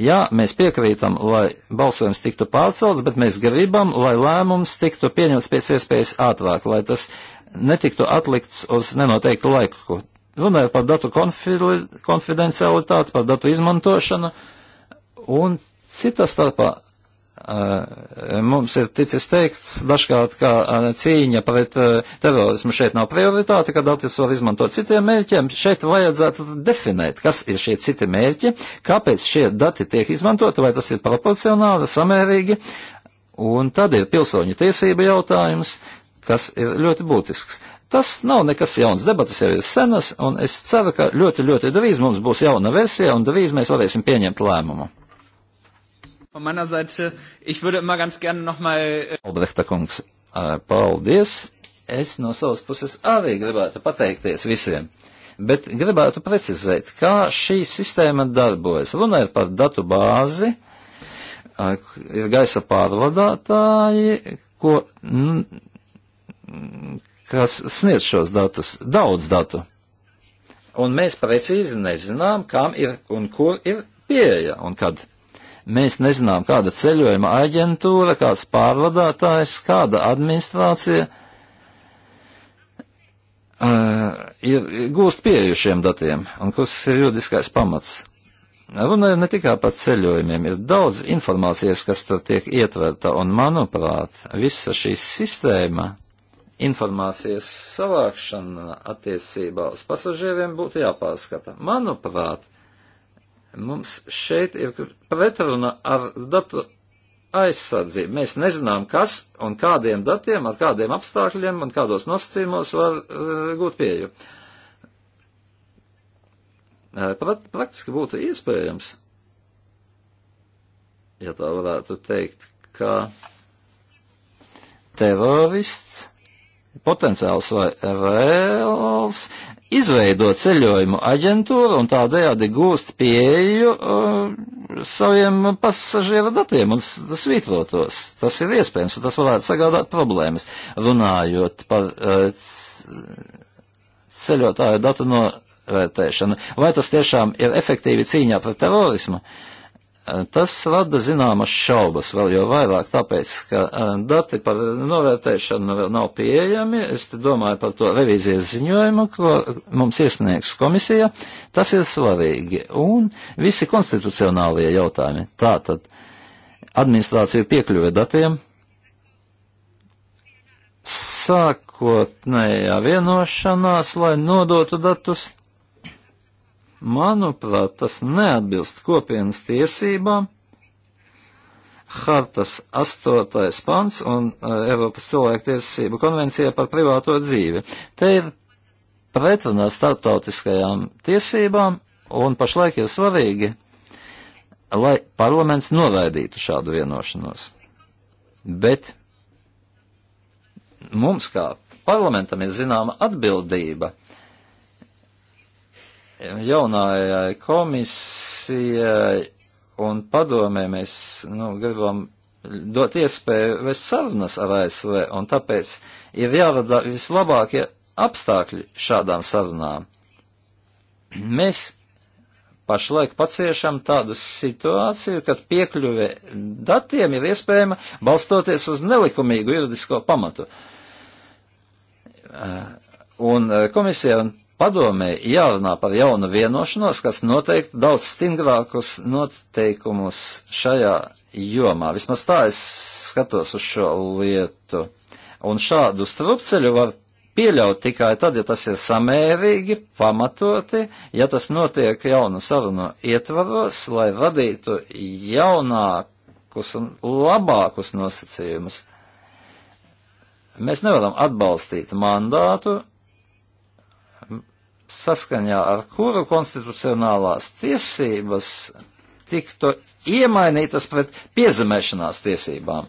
Jā, mēs piekrītam, lai balsojums tiktu pārcelts, bet mēs gribam, lai lēmums tiktu pieņemts pēc iespējas ātrāk, lai tas netiktu atlikts uz nenoteiktu laiku. Runāju par datu konfidencialitāti, par datu izmantošanu un citas starpā mums ir ticis teikts dažkārt, ka cīņa pret terorismu šeit nav prioritāte, ka datus var izmantot citiem mērķiem. Šeit vajadzētu definēt, kas ir šie citi mērķi, kāpēc šie dati tiek izmantoti, vai tas ir proporcionāli, samērīgi. Un tad ir pilsoņu tiesība jautājums, kas ir ļoti būtisks. Tas nav nekas jauns. Debatas jau ir senas, un es ceru, ka ļoti, ļoti drīz mums būs jauna versija, un drīz mēs varēsim pieņemt lēmumu. Von meiner Seite, ich würde immer ganz gerne nochmal. Äh, Albrehta kungs, paldies! Es no savas puses arī gribētu pateikties visiem, bet gribētu precizēt, kā šī sistēma darbojas. Runa ir par datu bāzi, ir gaisa pārvadātāji, ko, kas sniedz šos datus, daudz datu. Un mēs precīzi nezinām, kam ir un kur ir pieeja un kad. Mēs nezinām, kāda ceļojuma aģentūra, kāds pārvadātājs, kāda administrācija uh, ir gūst pieeju šiem datiem un kas ir juridiskais pamats. Runa ir ne tikai par ceļojumiem, ir daudz informācijas, kas tur tiek ietverta, un, manuprāt, visa šī sistēma informācijas savākšana attiecībā uz pasažieriem būtu jāpārskata. Manuprāt, uh, Mums šeit ir pretruna ar datu aizsardzību. Mēs nezinām, kas un kādiem datiem, ar kādiem apstākļiem un kādos nosacījumos var uh, gūt pieju. Uh, pra praktiski būtu iespējams, ja tā varētu teikt, ka terorists, potenciāls vai reāls, izveido ceļojumu aģentūru un tādējādi gūst pieeju uh, saviem pasažiera datiem un svītrotos. Tas ir iespējams, un tas varētu sagādāt problēmas. Runājot par uh, ceļotāju datu novērtēšanu, vai tas tiešām ir efektīvi cīņā pret terorismu? Uh, Tas rada zināmas šaubas vēl jau vairāk, tāpēc, ka e, dati par novērtēšanu vēl nav pieejami. Es domāju par to revīzijas ziņojumu, ko mums iesniegs komisija. Tas ir svarīgi. Un visi konstitucionālie jautājumi. Tātad administrācija piekļuve datiem. Sākotnējā vienošanās, lai nodotu datus Manuprāt, tas neatbilst kopienas tiesībām. Hartas 8. pants un uh, Eiropas cilvēktiesību konvencija par privāto dzīvi. Te ir pretrunā starptautiskajām tiesībām un pašlaik ir svarīgi, lai parlaments noraidītu šādu vienošanos. Bet mums kā parlamentam ir zināma atbildība jaunajai komisijai un padomē mēs nu, gribam dot iespēju vest sarunas ar ASV, un tāpēc ir jārada vislabākie apstākļi šādām sarunām. Mēs pašlaik paciešam tādu situāciju, kad piekļuve datiem ir iespējama balstoties uz nelikumīgu juridisko pamatu. Un eh, komisija un Padomē jārunā par jaunu vienošanos, kas noteikti daudz stingrākus noteikumus šajā jomā. Vismaz tā es skatos uz šo lietu. Un šādu strupceļu var pieļaut tikai tad, ja tas ir samērīgi, pamatoti, ja tas notiek jaunu sarunu ietvaros, lai radītu jaunākus un labākus nosacījumus. Mēs nevaram atbalstīt mandātu, saskaņā ar kuru konstitucionālās tiesības tiktu iemainītas pret piezemēšanās tiesībām.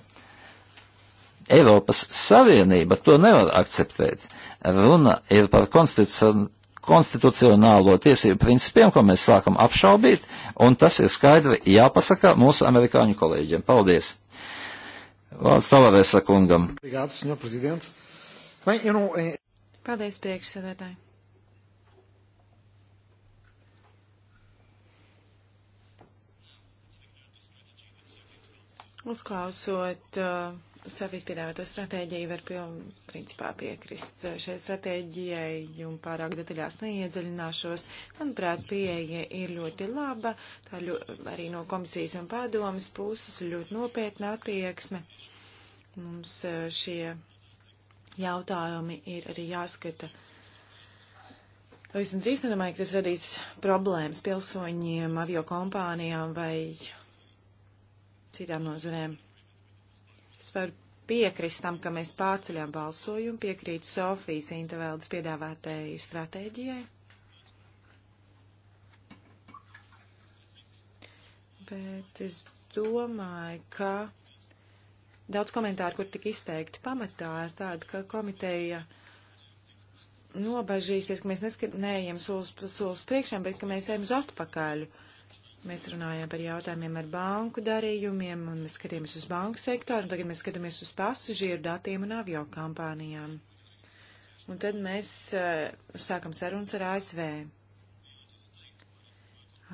Eiropas Savienība to nevar akceptēt. Runa ir par konstitucion konstitucionālo tiesību principiem, ko mēs sākam apšaubīt, un tas ir skaidri jāpasaka mūsu amerikāņu kolēģiem. Paldies! Vārds tavarēsa kungam. Paldies, priekšsēdētāji! Uzklausot uh, Sofijas piedāvāto stratēģiju, var piln, principā piekrist uh, šai stratēģijai un pārāk detaļās neiedziļināšos. Manuprāt, pieeja ir ļoti laba, tā ļo, arī no komisijas un pārdomas puses ļoti nopietna attieksme. Mums uh, šie jautājumi ir arī jāskata. Pavisam drīz nedomāju, ka tas radīs problēmas pilsoņiem, aviokompānijām vai citām nozarēm. Es varu piekrist tam, ka mēs pārceļām balsojumu, piekrīt Sofijas Interveldes piedāvātajai stratēģijai. Bet es domāju, ka daudz komentāru, kur tik izteikti pamatā, ir tāda, ka komiteja nobažīsies, ka mēs neskatījām solis pa solis priekšām, bet ka mēs ejam uz atpakaļ. Uh, Mēs runājām par jautājumiem ar banku darījumiem, un mēs skatījāmies uz banku sektoru, un tagad mēs skatāmies uz pasažieru datiem un avio kampānijām. Un tad mēs uh, sākam sarunas ar ASV.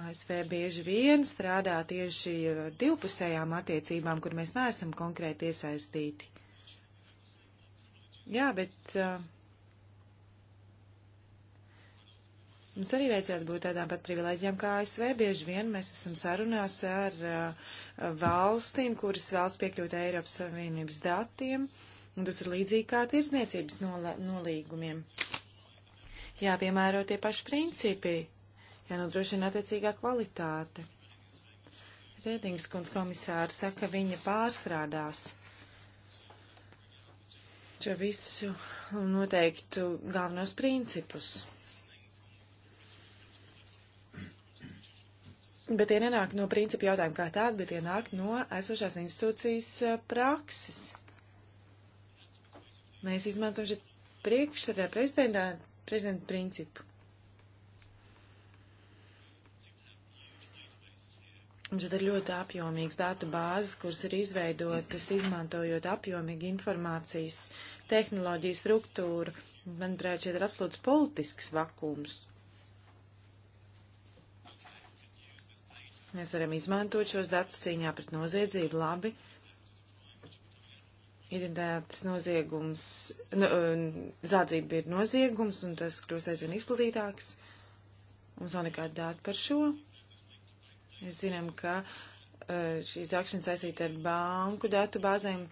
ASV bieži vien strādā tieši ar divpusējām attiecībām, kur mēs neesam konkrēti iesaistīti. Jā, bet uh, Mums arī vajadzētu būt tādām pat privilēģijām kā ASV. Bieži vien mēs esam sarunās ar uh, valstīm, kuras vēlas piekļūt Eiropas Savienības datiem, un tas ir līdzīgi kā tirzniecības nolīgumiem. Jāpiemēro tie paši principi, jānodrošina attiecīgā kvalitāte. Rēdings kundz komisārs saka, viņa pārstrādās šo visu noteiktu galvenos principus. Bet tie nenāk no principu jautājuma kā tāda, bet tie nāk no esošās institūcijas eh, prakses. Mēs izmantojam šeit priekšsardā prezidentā, prezidenta principu. Mums ir ļoti apjomīgs datu bāzes, kuras ir izveidotas izmantojot apjomīgi informācijas tehnoloģiju struktūru. Manuprāt, šeit ir absolūts politisks vakums, Mēs varam izmantot šos datus cīņā pret noziedzību labi. Identitātes noziegums, nu, zādzība ir noziegums, un tas kļūst aizvien izplatītāks. Mums nav nekāda dāta par šo. Mēs zinām, ka eh, šīs dākšanas saistīta ar banku datu bāzēm.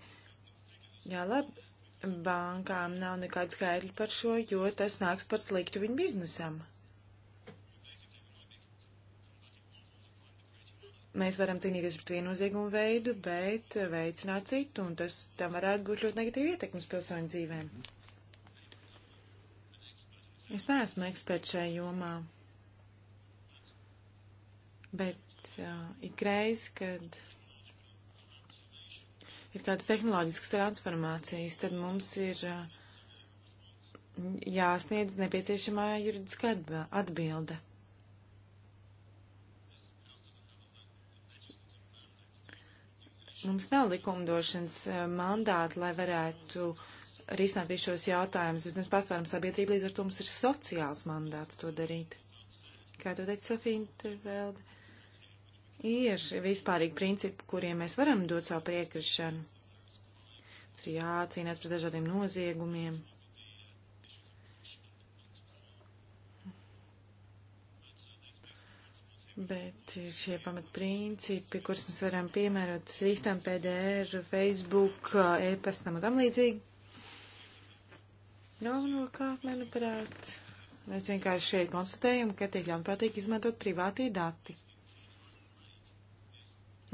Jā, labi, bankām nav nekāda skaidra par šo, jo tas nāks par sliktu viņu biznesam. mēs varam cīnīties pret vienu noziegumu veidu, bet veicināt citu, un tas tam varētu būt ļoti negatīva ietekmes pilsoņu dzīvēm. Es neesmu eksperts šajā jomā, bet uh, ik reiz, kad ir kādas tehnoloģiskas transformācijas, tad mums ir uh, jāsniedz nepieciešamā juridiska atbilde. Mums nav likumdošanas eh, mandāta, lai varētu risināt visus šos jautājumus, bet mēs pārsvaram sabiedrību, līdz ar to mums ir sociāls mandāts to darīt. Kā tu teici, Sofija, vēl ir vispārīgi principi, kuriem mēs varam dot savu priekrišanu. Tur jācīnās pret dažādiem noziegumiem. Bet ir šie pamatprincipi, kurus mēs varam piemērot Swiftam, PDR, Facebook, e-pastam un tam līdzīgi. Galvenokārt, manuprāt, mēs vienkārši šeit konstatējam, ka tiek ļaunprātīgi izmantot privātie dati.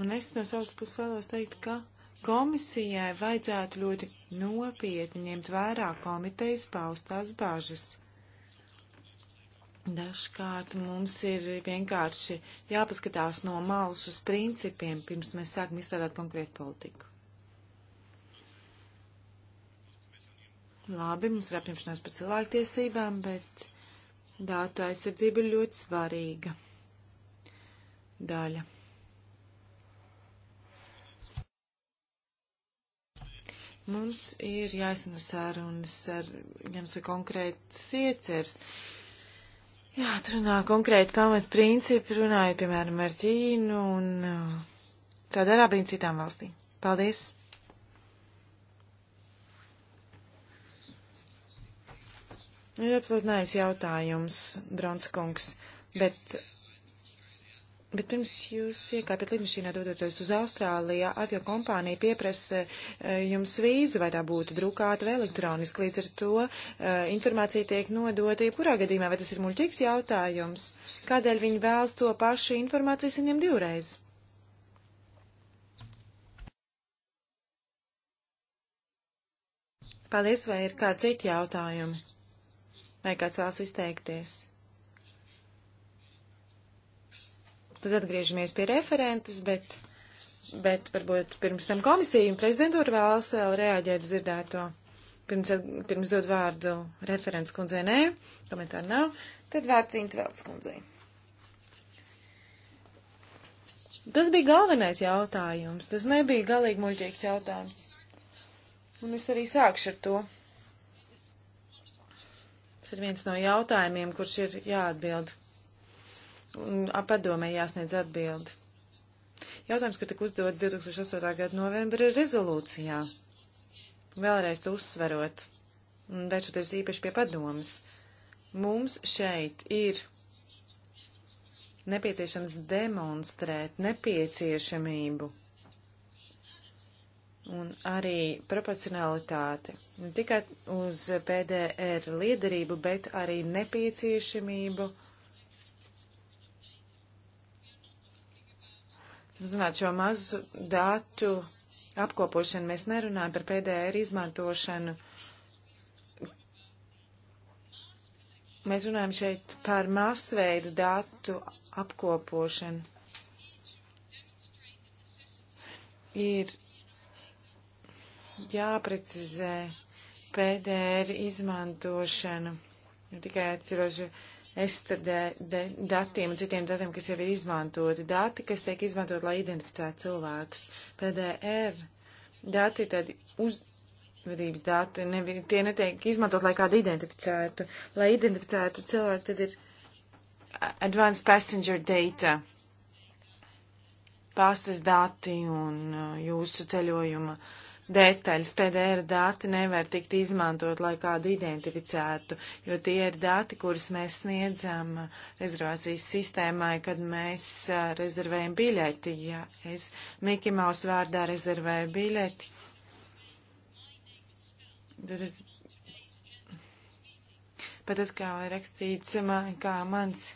Un es no savas puses vēlos teikt, ka komisijai vajadzētu ļoti nopietni ņemt vērā komitejas paustās bāžas. Dažkārt mums ir vienkārši jāpaskatās no malas uz principiem, pirms mēs sākam izstrādāt konkrētu politiku. Labi, mums ir apņemšanās par cilvēktiesībām, bet dātu aizsardzība ir ļoti svarīga daļa. Mums ir jāizsana sarunas ar, jums nu ir konkrēts iecers. Uh, Jāatrunā konkrēti pamatprincipi, runājot, piemēram, ar Ķīnu un tādā uh, arābīm citām valstīm. Paldies! Ir absolūti nājas jautājums, Bronskungs, bet Bet pirms jūs iekāpjat lidmašīnā dodoties uz Austrālijā, avio kompānija pieprasa eh, jums vīzu, vai tā būtu drukāta vai elektroniski. Līdz ar to eh, informācija tiek nodota, jebkurā gadījumā, vai tas ir muļķīgs jautājums, kādēļ viņi vēlas to pašu informāciju saņemt divreiz. Paldies, vai ir kādi citi jautājumi? Vai kāds vēlas izteikties? Tad atgriežamies pie referentes, bet, bet varbūt pirms tam komisija un prezidentūra vēlas vēl reaģēt dzirdēto. Pirms, pirms dod vārdu referents kundzei, nē, komentāru nav, tad vārds Intvelds kundzei. Tas bija galvenais jautājums, tas nebija galīgi muļķīgs jautājums. Un es arī sākšu ar to. Tas ir viens no jautājumiem, kurš ir jāatbild padomē jāsniedz atbildi. Jautājums, ka tika uzdots 2008. gada novembra rezolūcijā. Vēlreiz to uzsverot, vēršoties īpaši pie padomas. Mums šeit ir nepieciešams demonstrēt nepieciešamību un arī proporcionalitāti. Ne tikai uz PDR liederību, bet arī nepieciešamību uh, zināt, šo mazu datu apkopošanu mēs nerunājam par PDR izmantošanu. Mēs runājam šeit par masveidu datu apkopošanu. Ir jāprecizē PDR izmantošanu. Ne tikai atcerošu STD datiem un citiem datiem, kas jau ir izmantoti. Dati, kas tiek izmantot, lai identificētu cilvēkus. PDR dati ir tādi uzvedības dati, ne, tie netiek izmantot, lai kādu identificētu. Lai identificētu cilvēku, tad ir advanced passenger data, pastas dati un uh, jūsu ceļojuma uh, detaļas. PDR dati nevar tikt izmantot, lai kādu identificētu, jo tie ir dati, kurus mēs sniedzam rezervācijas sistēmai, kad mēs rezervējam biļeti. Ja es Miki Maus vārdā rezervēju biļeti. Pat tas, kā rakstīts, man, kā mans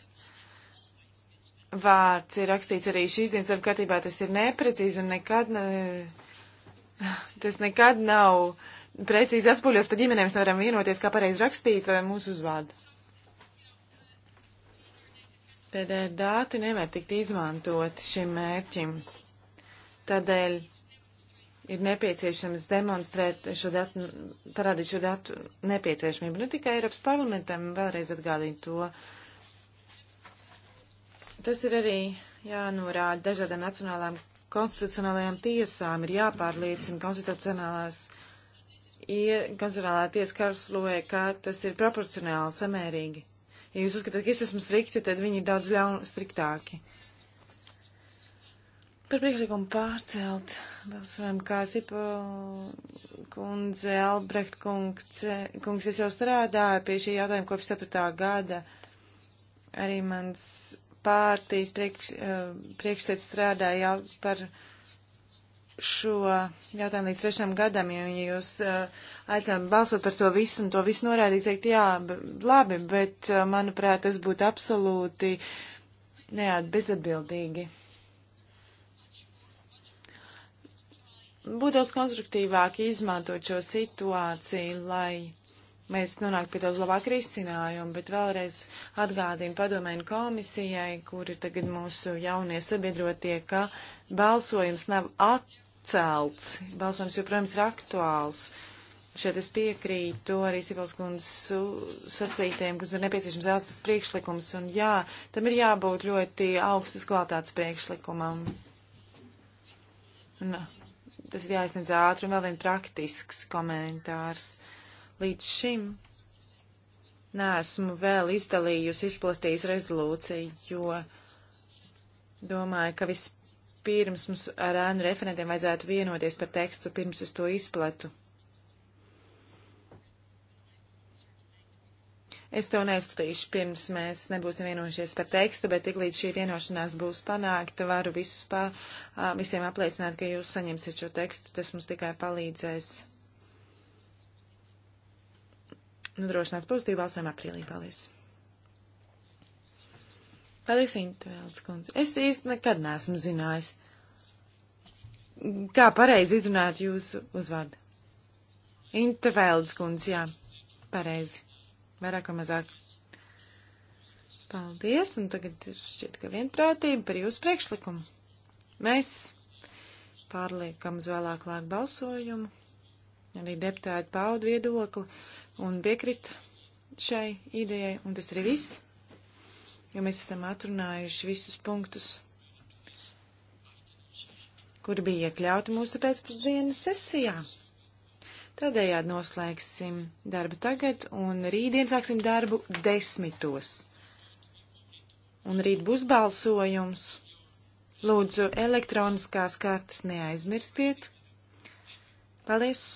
vārds ir rakstīts arī šīs dienas darbkārtībā, tas ir neprecīzi un nekad ne, Tas nekad nav precīzi atspūļos, pa ģimenēm mēs nevaram vienoties, kā pareizi rakstīt eh, mūsu uzvārdu. Pēdējā dāti nevar tikt izmantot šim mērķim. Tādēļ ir nepieciešams demonstrēt šo datu, parādīt šo datu nepieciešamību. Nu tikai Eiropas parlamentam vēlreiz atgādīt to. Tas ir arī jānorāda dažādām nacionālām konstitucionālajām tiesām ir jāpārliecina konstitucionālās konstitucionālā tiesa Karlsruē, ka tas ir proporcionāli, samērīgi. Ja jūs uzskatāt, ka es esmu strikti, tad viņi ir daudz ļaun striktāki. Par priekšlikumu pārcelt balsojumu, kā Sipo kundze, Albrecht kungs, kungs, es jau strādāju pie šī jautājuma kopš 4. gada. Arī mans pārtīs priekš, eh, priekšsēdz strādāja par šo jautājumu līdz trešam gadam, ja viņi jūs eh, aicinām balsot par to visu un to visu norādīt, teikt, jā, labi, bet, eh, manuprāt, tas būtu absolūti neāt bezatbildīgi. Būtu daudz konstruktīvāk izmantot šo situāciju, lai mēs nonāktu pie daudz labāka risinājuma, bet vēlreiz atgādīju padomēnu komisijai, kur ir tagad mūsu jaunie sabiedrotie, ka balsojums nav atcelts, balsojums joprojām ir aktuāls. Šeit es piekrītu arī Sipels kundzes sacītēm, kas ir nepieciešams atrast priekšlikums, un jā, tam ir jābūt ļoti augstas kvalitātes priekšlikumam. Un, nu, tas ir jāizniedz ātri, un vēl viens praktisks komentārs Līdz šim neesmu vēl izdalījusi, izplatījusi rezolūciju, jo domāju, ka vispirms mums ar ēnu referentiem vajadzētu vienoties par tekstu, pirms es to izplatu. Es to neizplatīšu, pirms mēs nebūsim vienojušies par tekstu, bet tik līdz šī vienošanās būs panākta, varu visus pār, visiem apliecināt, ka jūs saņemsiet šo tekstu, tas mums tikai palīdzēs nodrošināts pozitīvi balsojumu aprīlī. Paldies! Paldies, Intvēlds kundze. Es īsti nekad neesmu zinājis, kā pareizi izrunāt jūsu uzvārdu. Intvēlds kundze, jā, pareizi. Vairāk vai mazāk. Paldies, un tagad ir šķiet, ka vienprātība par jūsu priekšlikumu. Mēs pārliekam uz vēlāk lāk balsojumu. Arī deputāti paudu viedokli un piekrit šai idejai, un tas arī viss, jo mēs esam atrunājuši visus punktus, kuri bija iekļauti mūsu pēcpusdienas sesijā. Tādējādi noslēgsim darbu tagad, un rītdien sāksim darbu desmitos. Un rīt būs balsojums. Lūdzu, elektroniskās kartas neaizmirstiet. Paldies!